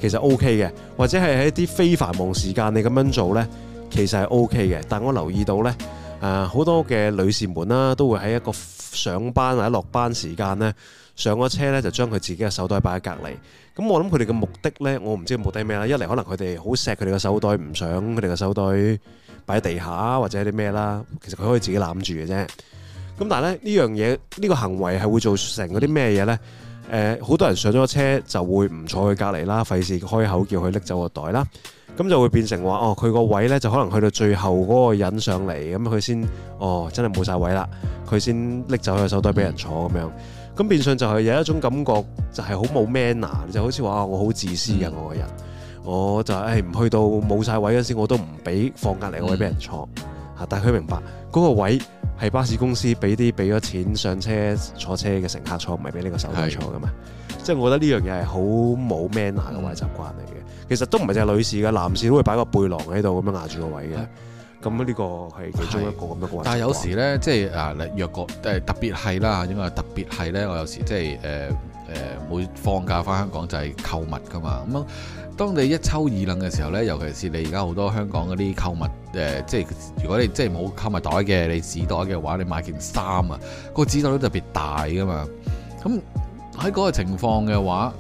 其實 OK 嘅，或者係喺啲非繁忙時間你咁樣做呢，其實係 OK 嘅。但我留意到呢，誒、呃，好多嘅女士們啦、啊，都會喺一個上班或者落班時間呢，上咗車呢，就將佢自己嘅手袋擺喺隔籬。咁我諗佢哋嘅目的呢，我唔知佢目的咩啦。一嚟可能佢哋好錫佢哋嘅手袋，唔想佢哋嘅手袋擺喺地下或者啲咩啦。其實佢可以自己攬住嘅啫。咁但係咧呢樣嘢，呢、這個這個行為係會做成嗰啲咩嘢呢？誒、呃、好多人上咗車就會唔坐佢隔離啦，費事開口叫佢拎走個袋啦，咁就會變成話哦，佢個位呢，就可能去到最後嗰個人上嚟，咁佢先哦真係冇晒位啦，佢先拎走佢個手袋俾人坐咁樣，咁變相就係有一種感覺就係好冇 manner 就好似話、哦、我好自私嘅我個人，我就係唔、哎、去到冇晒位嗰時我都唔俾放隔離位俾人坐、嗯、但佢明白嗰、嗰個位。係巴士公司俾啲俾咗錢上車坐車嘅乘客坐，唔係俾呢個手機坐噶嘛？即係我覺得呢樣嘢係好冇 m a n n 嘅壞習慣嚟嘅、嗯。其實都唔係淨係女士㗎，男士都會擺個背囊喺度咁樣壓住個位嘅。咁、嗯、呢個係其中一個咁樣。但有時咧，即係誒若果特別係啦，因為特別係咧，我有時即係每放假翻香港就係、是、購物㗎嘛。嗯當你一抽二掕嘅時候咧，尤其是你而家好多香港嗰啲購物，誒、呃，即係如果你即係冇購物袋嘅，你紙袋嘅話，你買件衫啊，個紙袋都特別大噶嘛。咁喺嗰個情況嘅話，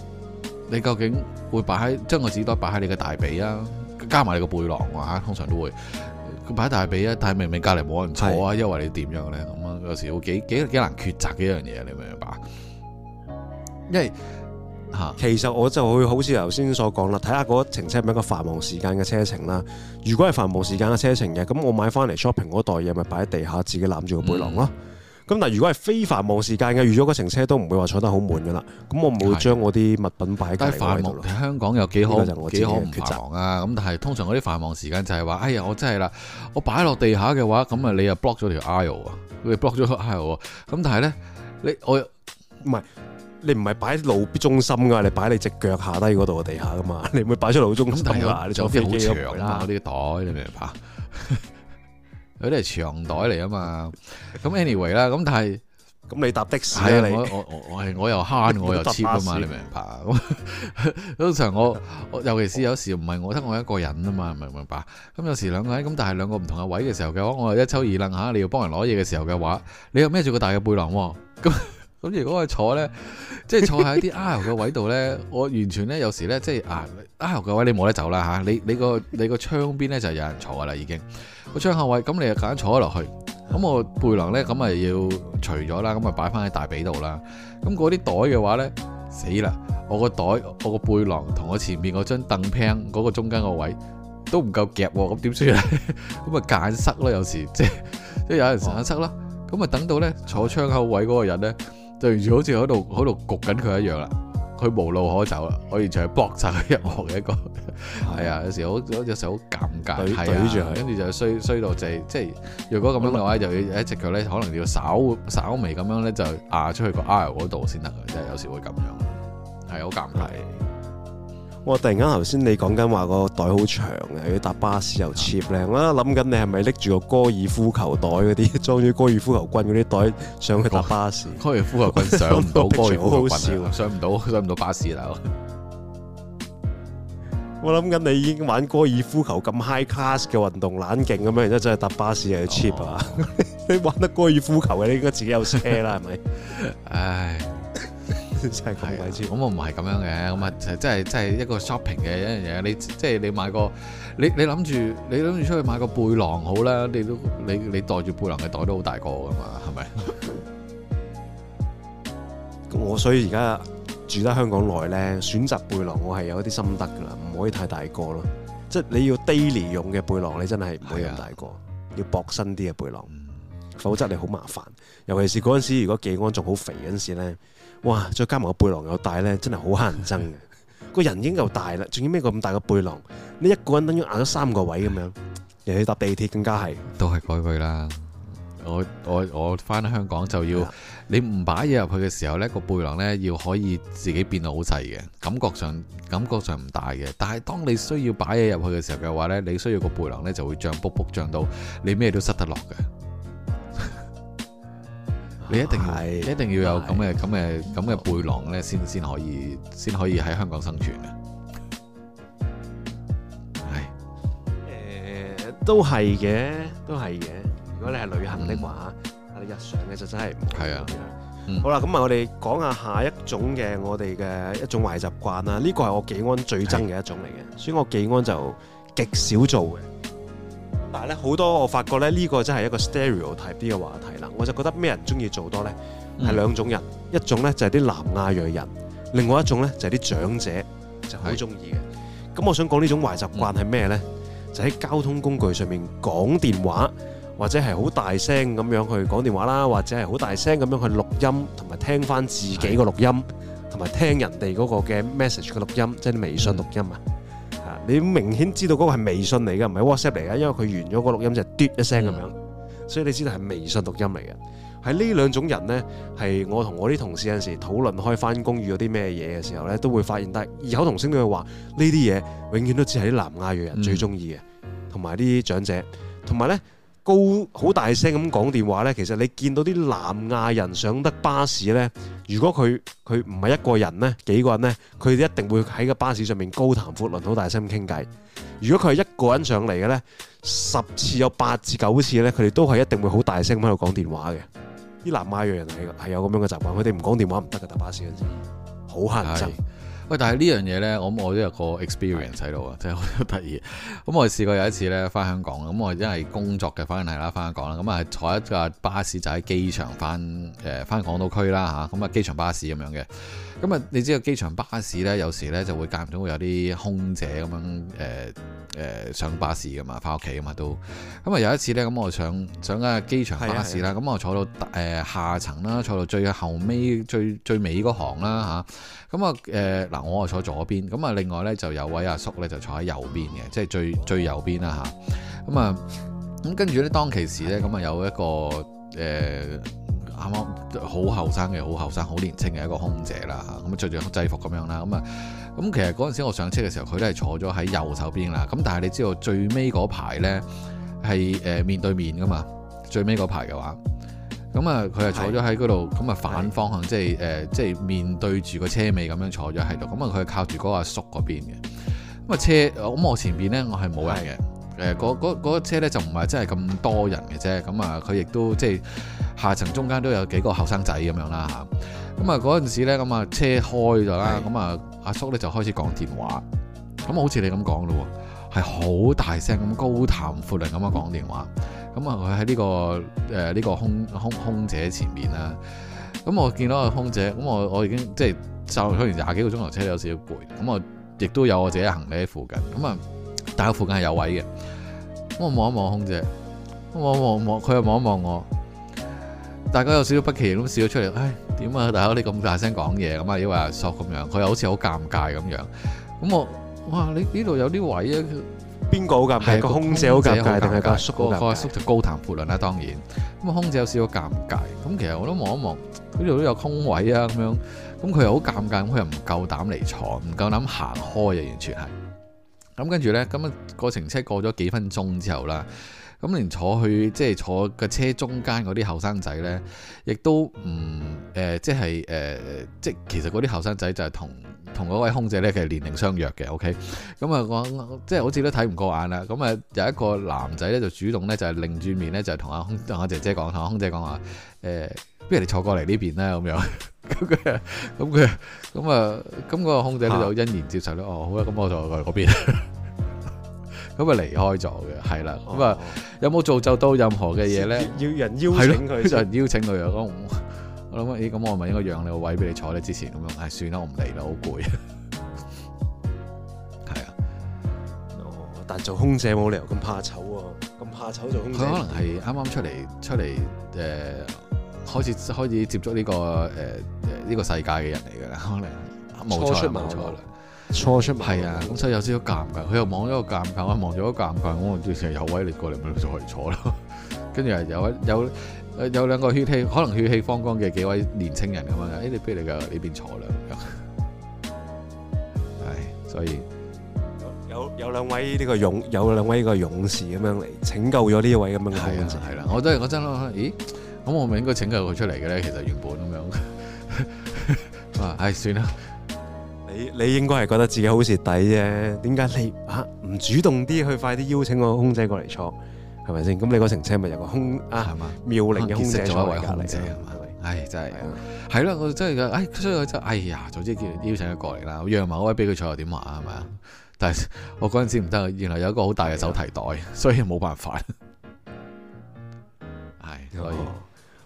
你究竟會擺喺將個紙袋擺喺你嘅大髀啊，加埋你個背囊嚇、啊，通常都會擺喺大髀啊。但係明明隔離冇人坐啊，是因為你點樣咧？咁啊，有時會幾幾幾難抉擇一樣嘢，你明唔明白？因為其實我就會好似頭先所講啦，睇下嗰程車係咪一個繁忙時間嘅車程啦。如果係繁忙時間嘅車程嘅，咁我買翻嚟 shopping 嗰袋嘢咪擺喺地下，自己攬住個背囊咯。咁但係，如果係非繁忙時間嘅，預咗嗰程車都唔會話坐得好悶噶啦。咁我唔會將我啲物品擺喺隔離，喺度香港有幾好，幾好唔繁忙啊。咁但係通常嗰啲繁忙時間就係話：哎呀，我真係啦，我擺落地下嘅話，咁啊你又 block 咗條 aisle 啊，你 block 咗條 aisle 喎。咁但係咧，你我唔係。你唔係擺喺路中心噶，你擺你隻腳下低嗰度嘅地下噶嘛？你唔會擺出路中心啊？你好長啦，啲袋你明唔明白？嗰啲係長袋嚟啊嘛。咁 anyway 啦，咁但係咁你搭的士咧？你我我我係我又慳我又黐啊嘛？你明唔明白？ 通常我我尤其是有時唔係我得 我一個人啊嘛，明唔明白？咁有時兩個咧，咁但係兩個唔同嘅位嘅時候嘅話，我又一抽二楞下，你要幫人攞嘢嘅時候嘅話，你又孭住個大嘅背囊喎、啊，咁。 咁如果我坐咧，即、就、係、是、坐喺啲 R 嘅位度咧，我完全咧有時咧，即係啊 R 嘅位你冇得走啦嚇，你你個你個窗邊咧就有人坐噶啦已經，個窗口位咁你就揀坐咗落去，咁我背囊咧咁咪要除咗啦，咁咪擺翻喺大髀度啦，咁嗰啲袋嘅話咧死啦，我個袋我個背囊同我前面嗰張凳平嗰個中間個位都唔夠夾喎、啊，咁點算咧？咁 咪間塞咯，有時即係即係有陣時間塞咯，咁咪等到咧坐窗口位嗰個人咧。對住好似喺度，喺度焗緊佢一樣啦。佢無路可走啦，我完全係搏佢一項嘅一個。係啊，有時好，有時候好尷尬，對住佢，跟住就衰衰到就係、是、即係。若果咁樣嘅話、嗯嗯，就要一隻腳咧，可能要稍稍微咁樣咧，就壓出去個 R 嗰度先得嘅。即係有時會咁樣，係好尷尬。我、哦、突然間頭先你講緊話，個袋好長嘅，要搭巴士又 cheap 咧、嗯。我諗緊你係咪拎住個高爾夫球袋嗰啲，裝住高爾夫球棍嗰啲袋上去搭巴士？高爾夫球棍上唔到，高爾夫球棍上唔到、到，上唔到巴士啦。我諗緊你已經玩高爾夫球咁 high class 嘅運動，冷勁咁樣，然之後真係搭巴士又要 cheap 啊！哦、 你玩得高爾夫球嘅，你應該自己有車啦，係 咪？唉。係 啊，咁我唔係咁樣嘅，咁啊，即係即係一個 shopping 嘅一樣嘢。你即係、就是、你買個，你你諗住你諗住出去買個背囊好啦，你都你你袋住背囊嘅袋都好大個噶嘛，係咪？ 我所以而家住得香港耐咧，選擇背囊我係有一啲心得噶啦，唔可以太大個咯。即、就、係、是、你要 daily 用嘅背囊，你真係唔可以用大個、啊，要薄身啲嘅背囊，否則你好麻煩。尤其是嗰陣時，如果寄安仲好肥嗰陣時咧。哇！再加埋個背囊又大呢，真係好乞人憎嘅。個 人已經夠大啦，仲要孭咁大個背囊，你一個人等於硬咗三個位咁樣。而且搭地鐵更加係，都係嗰句啦。我我我翻香港就要， 你唔擺嘢入去嘅時候呢，個背囊呢要可以自己變到好細嘅，感覺上感覺上唔大嘅。但係當你需要擺嘢入去嘅時候嘅話呢，你需要個背囊呢就會脹卜卜脹到你咩都塞得落嘅。你一定要一定要有咁嘅咁嘅咁嘅背囊咧，先先可以先可以喺香港生存嘅。係，誒，都係嘅，都係嘅。如果你係旅行的話，你日常嘅就真係唔係啊。好啦，咁啊，我哋講下下一種嘅我哋嘅一種壞習慣啦。呢個係我忌安最憎嘅一種嚟嘅，所以我忌安就極少做嘅。好多，我發覺咧呢個真係一個 stereotype 啲嘅話題啦，我就覺得咩人中意做多呢？係、嗯、兩種人，一種呢就係啲南亞裔人，另外一種呢就係啲長者就好中意嘅。咁、嗯、我想講呢種壞習慣係咩呢？嗯、就喺交通工具上面講電話，或者係好大聲咁樣去講電話啦，或者係好大聲咁樣去錄音，同埋聽翻自己個錄音，同、嗯、埋聽人哋嗰個嘅 message 嘅錄音，即係啲微信錄音啊。嗯你明顯知道嗰個係微信嚟嘅，唔係 WhatsApp 嚟嘅，因為佢完咗個錄音就嘟一聲咁樣，所以你知道係微信錄音嚟嘅。係呢兩種人呢，係我同我啲同事有陣時討論開翻工遇咗啲咩嘢嘅時候呢，都會發現得異口同聲咁樣話，呢啲嘢永遠都只係啲南亞裔人最中意嘅，同埋啲長者，同埋咧。高好大聲咁講電話呢。其實你見到啲南亞人上得巴士呢，如果佢佢唔係一個人呢，幾個人呢，佢哋一定會喺個巴士上面高談闊論好大聲咁傾偈。如果佢係一個人上嚟嘅呢，十次有八至九次呢，佢哋都係一定會好大聲喺度講電話嘅。啲南亞人樣人係有咁樣嘅習慣，佢哋唔講電話唔得嘅，搭巴士時，好乞人憎。喂，但係呢樣嘢呢，我我都有個 experience 喺度啊，真係好得意。咁 我試過有一次呢，翻香港，咁我因為工作嘅，關係啦，翻香港啦，咁、嗯、啊坐一架巴士就喺機場翻返翻港島區啦吓，咁啊、嗯、機場巴士咁樣嘅，咁、嗯、啊你知啊機場巴士呢，有時呢就會間唔中會有啲空姐咁樣、呃誒、呃、上巴士㗎嘛，翻屋企啊嘛都，咁、嗯、啊有一次咧，咁、嗯、我上上架機場巴士啦，咁、啊嗯、我坐到誒、呃、下層啦，坐到最後尾最最尾嗰行啦吓，咁啊誒嗱、嗯呃呃、我啊坐左邊，咁、嗯、啊另外咧就有位阿叔咧就坐喺右邊嘅，即係最最右邊啦吓，咁啊咁、嗯嗯、跟住咧當其時咧，咁啊有一個誒、呃啱啱好後生嘅，好後生，好年輕嘅一個空姐啦，咁着住制服咁樣啦，咁、嗯、啊，咁、嗯嗯、其實嗰陣時我上車嘅時候，佢都係坐咗喺右手邊啦，咁、嗯、但係你知道最尾嗰排咧係誒面對面噶嘛，最尾嗰排嘅話，咁啊佢係坐咗喺嗰度，咁啊反方向，是即係誒、呃、即係面對住個車尾咁樣坐咗喺度，咁啊佢係靠住嗰個阿叔嗰邊嘅，咁、嗯、啊車，咁、嗯、我前邊咧我係冇人嘅，誒嗰嗰車咧就唔係真係咁多人嘅啫，咁啊佢亦都即係。下層中間都有幾個後生仔咁樣啦吓，咁啊嗰陣時咧，咁啊車開咗啦，咁啊阿叔咧就開始講電話，咁好似你咁講咯，係好大聲咁高談闊論咁啊講電話，咁啊佢喺呢個誒呢、呃這個空空空姐前面啦，咁我見到個空姐，咁我我已經，我已經即係走完廿幾個鐘頭車有少少攰，咁我亦都有我自己行李喺附近，咁啊但係附近係有位嘅，咁我望一望空姐，我望望佢又望一望我。大家有少少不奇咁笑咗出嚟，唉點啊！大佬？你咁大聲講嘢咁啊，以為阿叔咁樣，佢又好似好尷尬咁樣。咁我哇你呢度有啲位啊，邊個好尷尬？個空姐好尷尬定係阿叔？個阿叔就高談闊論啦，當然。咁啊空姐有少少尷尬。咁其實我都望一望，呢度都有空位啊咁樣。咁佢又好尷尬，佢又唔夠膽嚟坐，唔夠膽行開啊，完全係。咁跟住咧，咁、那、啊個程車過咗幾分鐘之後啦。咁連坐去即係、就是、坐個車中間嗰啲後生仔咧，亦都唔誒，即係誒，即、呃就是、其實嗰啲後生仔就係同同嗰位空姐咧，其實年齡相約嘅。OK，咁啊，我即係好似都睇唔過眼啦。咁啊，有一個男仔咧就主動咧就係擰住面咧就同阿空同阿姐姐講，同阿空姐講話，誒、欸，不如你坐過嚟呢邊啦，咁樣，咁佢，咁佢，咁啊，咁、那個空姐都有欣然接受啦。啊、哦，好啊，咁我就過嚟嗰邊。咁啊離開咗嘅，係啦。咁、哦、啊，有冇做就到任何嘅嘢咧？要人邀請佢就邀請佢啊！ 我諗，我諗咦？咁我咪應該讓你個位俾你坐咧？之前咁樣，唉、嗯，算啦，我唔嚟啦，好攰。係 啊、哦，但做空姐冇理由咁怕醜喎，咁怕醜做空姐。佢可能係啱啱出嚟、嗯、出嚟誒，開始開始接觸呢、呢個誒誒呢個世界嘅人嚟㗎啦，可能初出茅廬。錯出係啊，咁所以有少少尷尬，佢又望咗個尷尬，我望咗個尷尬，我話啲成日有威力過嚟，咪就可以坐咯。跟住係有有有兩個血氣，可能血氣方剛嘅幾位年青人咁樣，誒、哎、你俾嚟嘅呢邊坐兩張。係、哎，所以有有兩位呢個勇有兩位個勇士咁樣嚟拯救咗呢位咁樣嘅好人係啦。我真我真諗，咦？咁我咪應該拯救佢出嚟嘅咧？其實原本咁樣，啊、哎，係算啦。你應該係覺得自己好蝕底啫，點解你啊唔主動啲去快啲邀請個空姐過嚟坐，係咪先？咁你嗰程車咪有個空啊？係嘛，妙齡嘅空姐識咗一位空姐係咪？唉，真係係咯，我真係唉，所以我係哎呀，早知叫邀請佢過嚟啦，讓埋位俾佢坐又點話，係咪啊？但係我嗰陣時唔得，原來有一個好大嘅手提袋，所以冇辦法，係所以。好好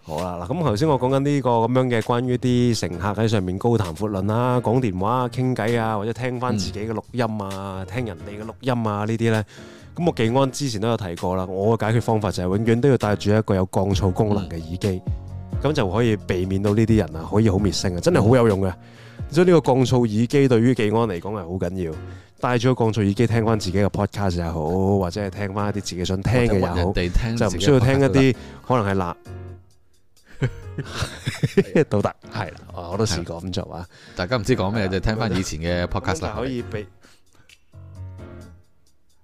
好啦，嗱咁頭先我講緊呢個咁樣嘅關於啲乘客喺上面高談闊論啦、講電話、傾偈啊，或者聽翻自己嘅錄音啊、聽人哋嘅錄音啊呢啲呢，咁我技安之前都有提過啦。我嘅解決方法就係永遠都要帶住一個有降噪功能嘅耳機，咁就可以避免到呢啲人啊可以好滅聲啊，真係好有用嘅。所以呢個降噪耳機對於技安嚟講係好緊要，帶住個降噪耳機聽翻自己嘅 podcast 又好，或者係聽翻一啲自己想聽嘅又好，就唔需要聽一啲可能係辣。 到達係啦，我都試過咁做啊！大家唔知講咩，就聽翻以前嘅 podcast 啦。可以避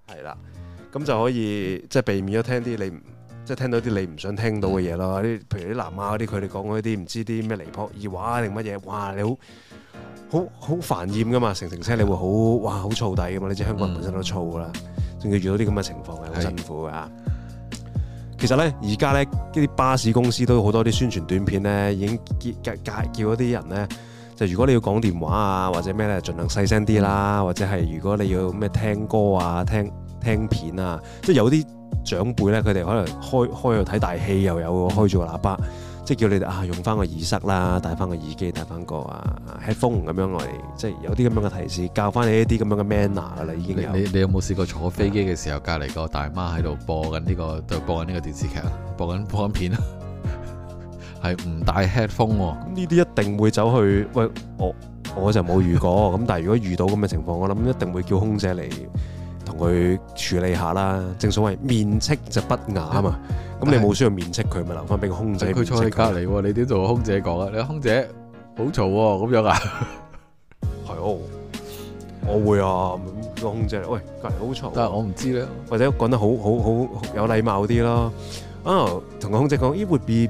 係啦，咁就可以即係、就是、避免咗聽啲你即係、就是、聽到啲你唔想聽到嘅嘢咯。啲、嗯、譬如啲南亞嗰啲，佢哋講嗰啲唔知啲咩尼泊爾話定乜嘢哇！你好，好好煩厭噶嘛，成程車你會好哇，好燥底噶嘛。你知香港人本身都燥噶啦，仲、嗯、要遇到啲咁嘅情況，係、嗯、好辛苦啊！其實咧，而家咧，呢啲巴士公司都有好多啲宣傳短片咧，已經叫叫叫嗰啲人咧，就如果你要講電話啊，或者咩咧，盡量細聲啲啦；或者係如果你要咩聽歌啊、聽聽片啊，即係有啲長輩咧，佢哋可能開開去睇大戲又有開住個喇叭。即係叫你哋啊，用翻個耳塞啦，戴翻個耳機，戴翻個啊 headphone 咁樣嚟，即係有啲咁樣嘅提示，教翻你一啲咁樣嘅 manner 啦，已經有。你你有冇試過坐飛機嘅時候，隔離個大媽喺度播緊、這、呢個，就、yeah. 播緊呢個電視劇，播緊播緊片 啊？係唔戴 headphone 喎？呢啲一定會走去喂我，我就冇遇過。咁 但係如果遇到咁嘅情況，我諗一定會叫空姐嚟同佢處理下啦。正所謂面斥就不雅嘛。Yeah. 咁你冇需要面斥佢，咪留翻俾個空姐面斥佢。佢坐喺隔籬，你點同個空姐講啊？你話空姐好嘈咁樣啊？係哦，我會啊，個空姐喂，隔籬好嘈。但係我唔知咧，或者講得好好好，好有禮貌啲咯。啊，同個空姐講，咦，會唔會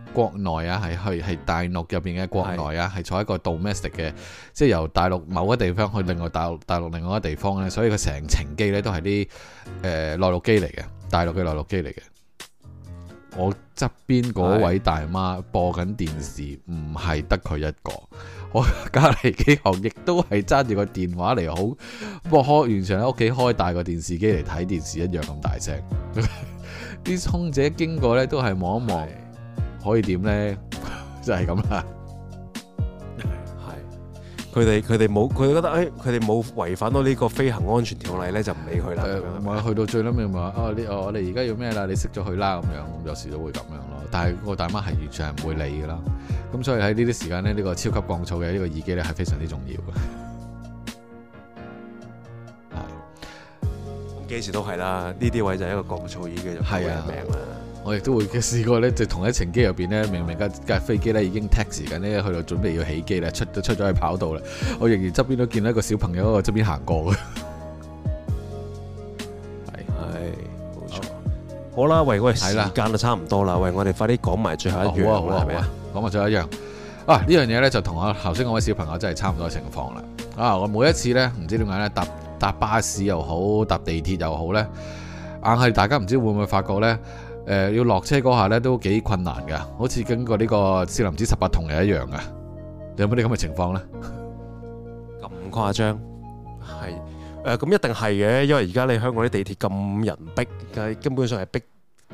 國內啊，係去係大陸入邊嘅國內啊，係坐一個 domestic 嘅，即係由大陸某一個地方去另外大陸大陸另外一個地方咧，所以佢成程機咧都係啲誒內陸機嚟嘅，大陸嘅內陸機嚟嘅。我側邊嗰位大媽播緊電視，唔係得佢一個，我隔離幾行亦都係揸住個電話嚟好播開完全喺屋企開大個電視機嚟睇電視一樣咁大聲。啲 空姐經過咧都係望一望。可以點咧？ 就係咁啦，係。佢哋佢哋冇佢覺得誒，佢哋冇違反到呢個飛行安全條例咧，就唔理佢啦。去到最後面話，就是，哦你我哋而家要咩啦？你識咗佢啦咁樣，有時都會咁樣咯。但係個大媽係完全係唔會理噶啦。咁所以喺呢啲時間咧，呢、這個超級降噪嘅呢個耳機咧係非常之重要嘅。係、啊，幾 時都係啦。呢啲位就係一個降噪耳機係啊。我亦都會嘅，試過咧，就同一程機入邊咧，明明架架飛機咧已經 tax 緊咧，去到準備要起機啦，出都出咗去跑道啦，我仍然側邊都見到一個小朋友喺我側邊行過嘅。係冇錯。好啦，喂喂，係啦，時間都差唔多啦。喂，我哋快啲講埋最後一句啦，係咪啊？講埋、啊啊啊啊啊、最後一樣。哇、啊，呢樣嘢咧就同我頭先嗰位小朋友真係差唔多嘅情況啦。啊，我每一次咧，唔知點解咧，搭搭巴士又好，搭地鐵又好咧，硬係大家唔知會唔會發覺咧？誒、呃，要落車嗰下咧都幾困難噶，好似經過呢個少林寺十八銅人一,一樣噶，你有冇啲咁嘅情況咧？咁誇張？係誒，咁、呃嗯、一定係嘅，因為而家你香港啲地鐵咁人逼，根本上係逼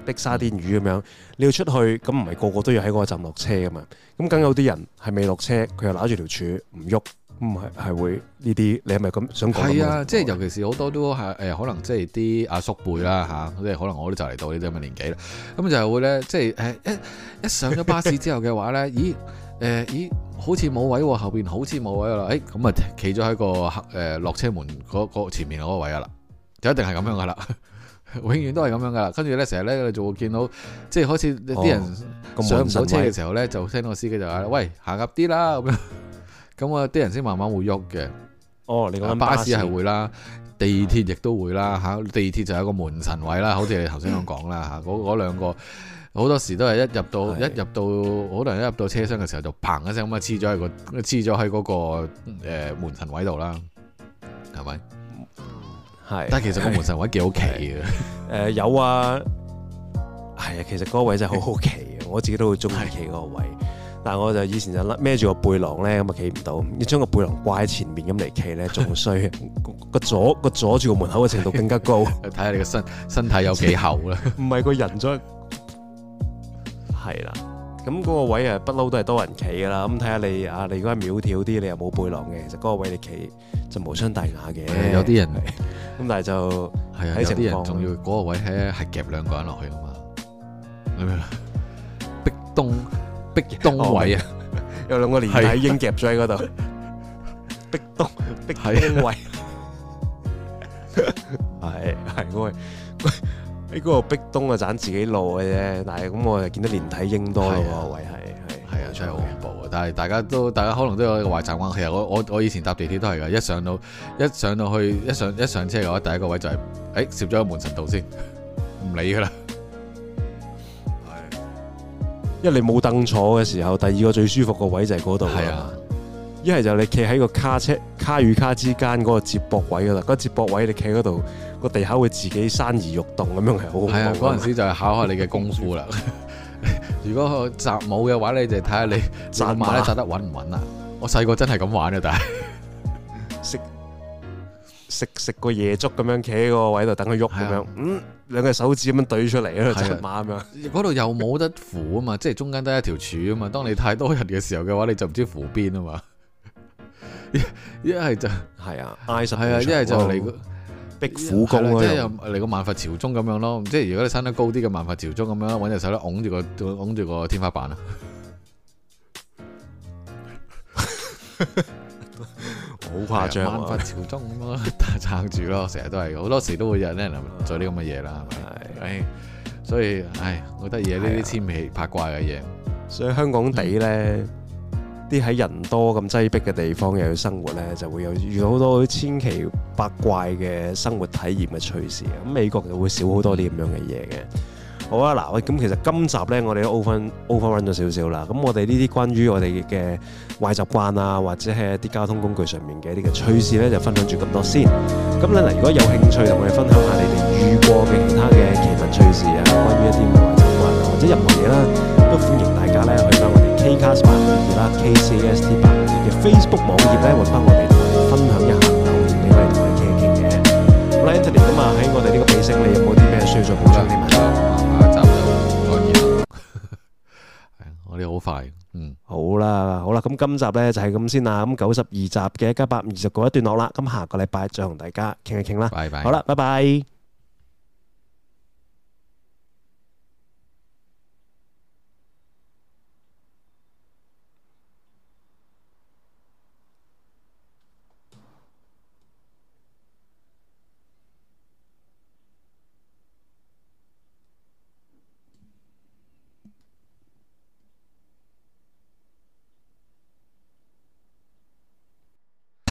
逼沙甸魚，咁樣你要出去，咁唔係個個都要喺嗰個站落車噶嘛？咁梗有啲人係未落車，佢又揦住條柱唔喐。唔係，係會呢啲？你係咪咁想講？係啊，即係尤其是好多都係誒、呃，可能即係啲阿叔輩啦吓，即、啊、係可能我都就嚟到呢啲咁嘅年紀啦。咁就係會咧，即係誒、呃、一一上咗巴士之後嘅話咧， 咦誒、呃、咦，好似冇位，後邊好似冇位啦，誒咁啊，企咗喺個誒落、呃、車門嗰前面嗰個位啊啦，就一定係咁樣噶啦，永遠都係咁樣噶啦。跟住咧，成日咧，你就會見到即係好似啲人上唔到車嘅時候咧，就聽到司機就話：喂，行入啲啦咁樣。嗯咁啊，啲人先慢慢會喐嘅。哦，你講巴士係會啦，地鐵亦都會啦。吓，地鐵就有一個門神位啦，好似你頭先咁講啦。吓、嗯，嗰嗰兩個好多時都係一入到一入到，可能一,一入到車廂嘅時候就砰一聲咁啊，黐咗喺個黐咗喺嗰個誒門神位度啦，係咪？係。但係其實個門神位幾好奇嘅。誒、呃，有啊。係啊，其實嗰個位真係好好奇嘅，我自己都會中意企嗰個位。但我就以前就孭住個背囊咧，咁啊企唔到。要將個背囊掛喺前面咁嚟企咧，仲衰。個阻個阻住個門口嘅程度更加高。睇 下你個身身體有幾厚啦。唔係個人張，係 啦。咁嗰個位啊，不嬲都係多人企㗎啦。咁睇下你啊，你如果係苗條啲，你又冇背囊嘅，其實嗰個位你企就無傷大雅嘅。 有啲人嚟，咁但係就係啊， 有啲人仲要嗰個位係係夾兩個人落去㗎嘛。係咪？ 壁咚。壁咚位啊、哦，有兩個連體嬰夾咗喺嗰度。壁咚，壁咚位、啊， 係係嗰位，喺嗰個壁咚啊，斬自己路嘅啫。但係咁，我就見到連體嬰多咯、啊，位係係係啊，真係好恐怖啊、嗯！但係大家都，大家可能都有一個壞習慣。其實我我我以前搭地鐵都係噶，一上到一上到去一上一上車嘅話，第一個位就係、是、誒，攝咗個門神道先，唔理佢啦。因為你冇凳坐嘅時候，第二個最舒服個位置就係嗰度啊，一係就你企喺個卡車卡與卡之間嗰個接駁位噶啦，嗰、那個、接駁位你企喺嗰度，個地下會自己生而欲動咁樣係好。係啊，嗰陣時就係考下你嘅功夫啦。 如果習武嘅話，你就睇下你扎馬咧扎得穩唔穩啊？ 我細個真係咁玩噶，但係食食食個夜粥咁樣企喺個位度等佢喐咁樣，嗯。兩個手指咁樣對出嚟啊，成嗰度又冇得扶啊嘛， 即係中間得一條柱啊嘛。當你太多人嘅時候嘅話，你就唔知扶邊啊嘛。一 係就係啊，挨係啊，一係就嚟個壁虎功咯，即係嚟個萬佛朝宗咁樣咯。即係如果你生得高啲嘅，萬佛朝宗咁樣，揾隻手咧拱住個拱住個天花板啊。 好誇張啊！萬發朝中咁咯， 撐住咯，成日都係好多時都會有啲人做啲咁嘅嘢啦，係、啊、咪？所以，唉，我覺得嘢呢啲千奇百怪嘅嘢、啊。所以香港地咧，啲 喺人多咁擠迫嘅地方入去生活咧，就會有遇到好多千奇百怪嘅生活體驗嘅趣事。咁美國其實會少好多啲咁樣嘅嘢嘅。嗯好啊，嗱，咁其實今集咧，我哋都 over over run 咗少少啦。咁我哋呢啲關於我哋嘅壞習慣啊，或者係一啲交通工具上面嘅一啲嘅趣事咧，就分享住咁多先。咁咧，嗱，如果有興趣同我哋分享下你哋遇過嘅其他嘅奇聞趣事啊，關於一啲壞習慣啊，或者任何嘢啦，都歡迎大家咧去翻我哋 KCast 版頁啦，KCast 版嘅 Facebook 網頁咧揾翻我哋，同我哋分享一下，留言俾我哋同你傾一傾嘅。咁啊，Anthony，咁啊喺我哋呢個尾聲，你有冇啲咩需要再補充啲乜嘢？你好快，嗯，好啦，好啦，咁今集呢就係咁先啦，咁九十二集嘅一家852嗰一段落啦，咁下個禮拜再同大家傾一傾啦，拜拜，好啦，拜拜。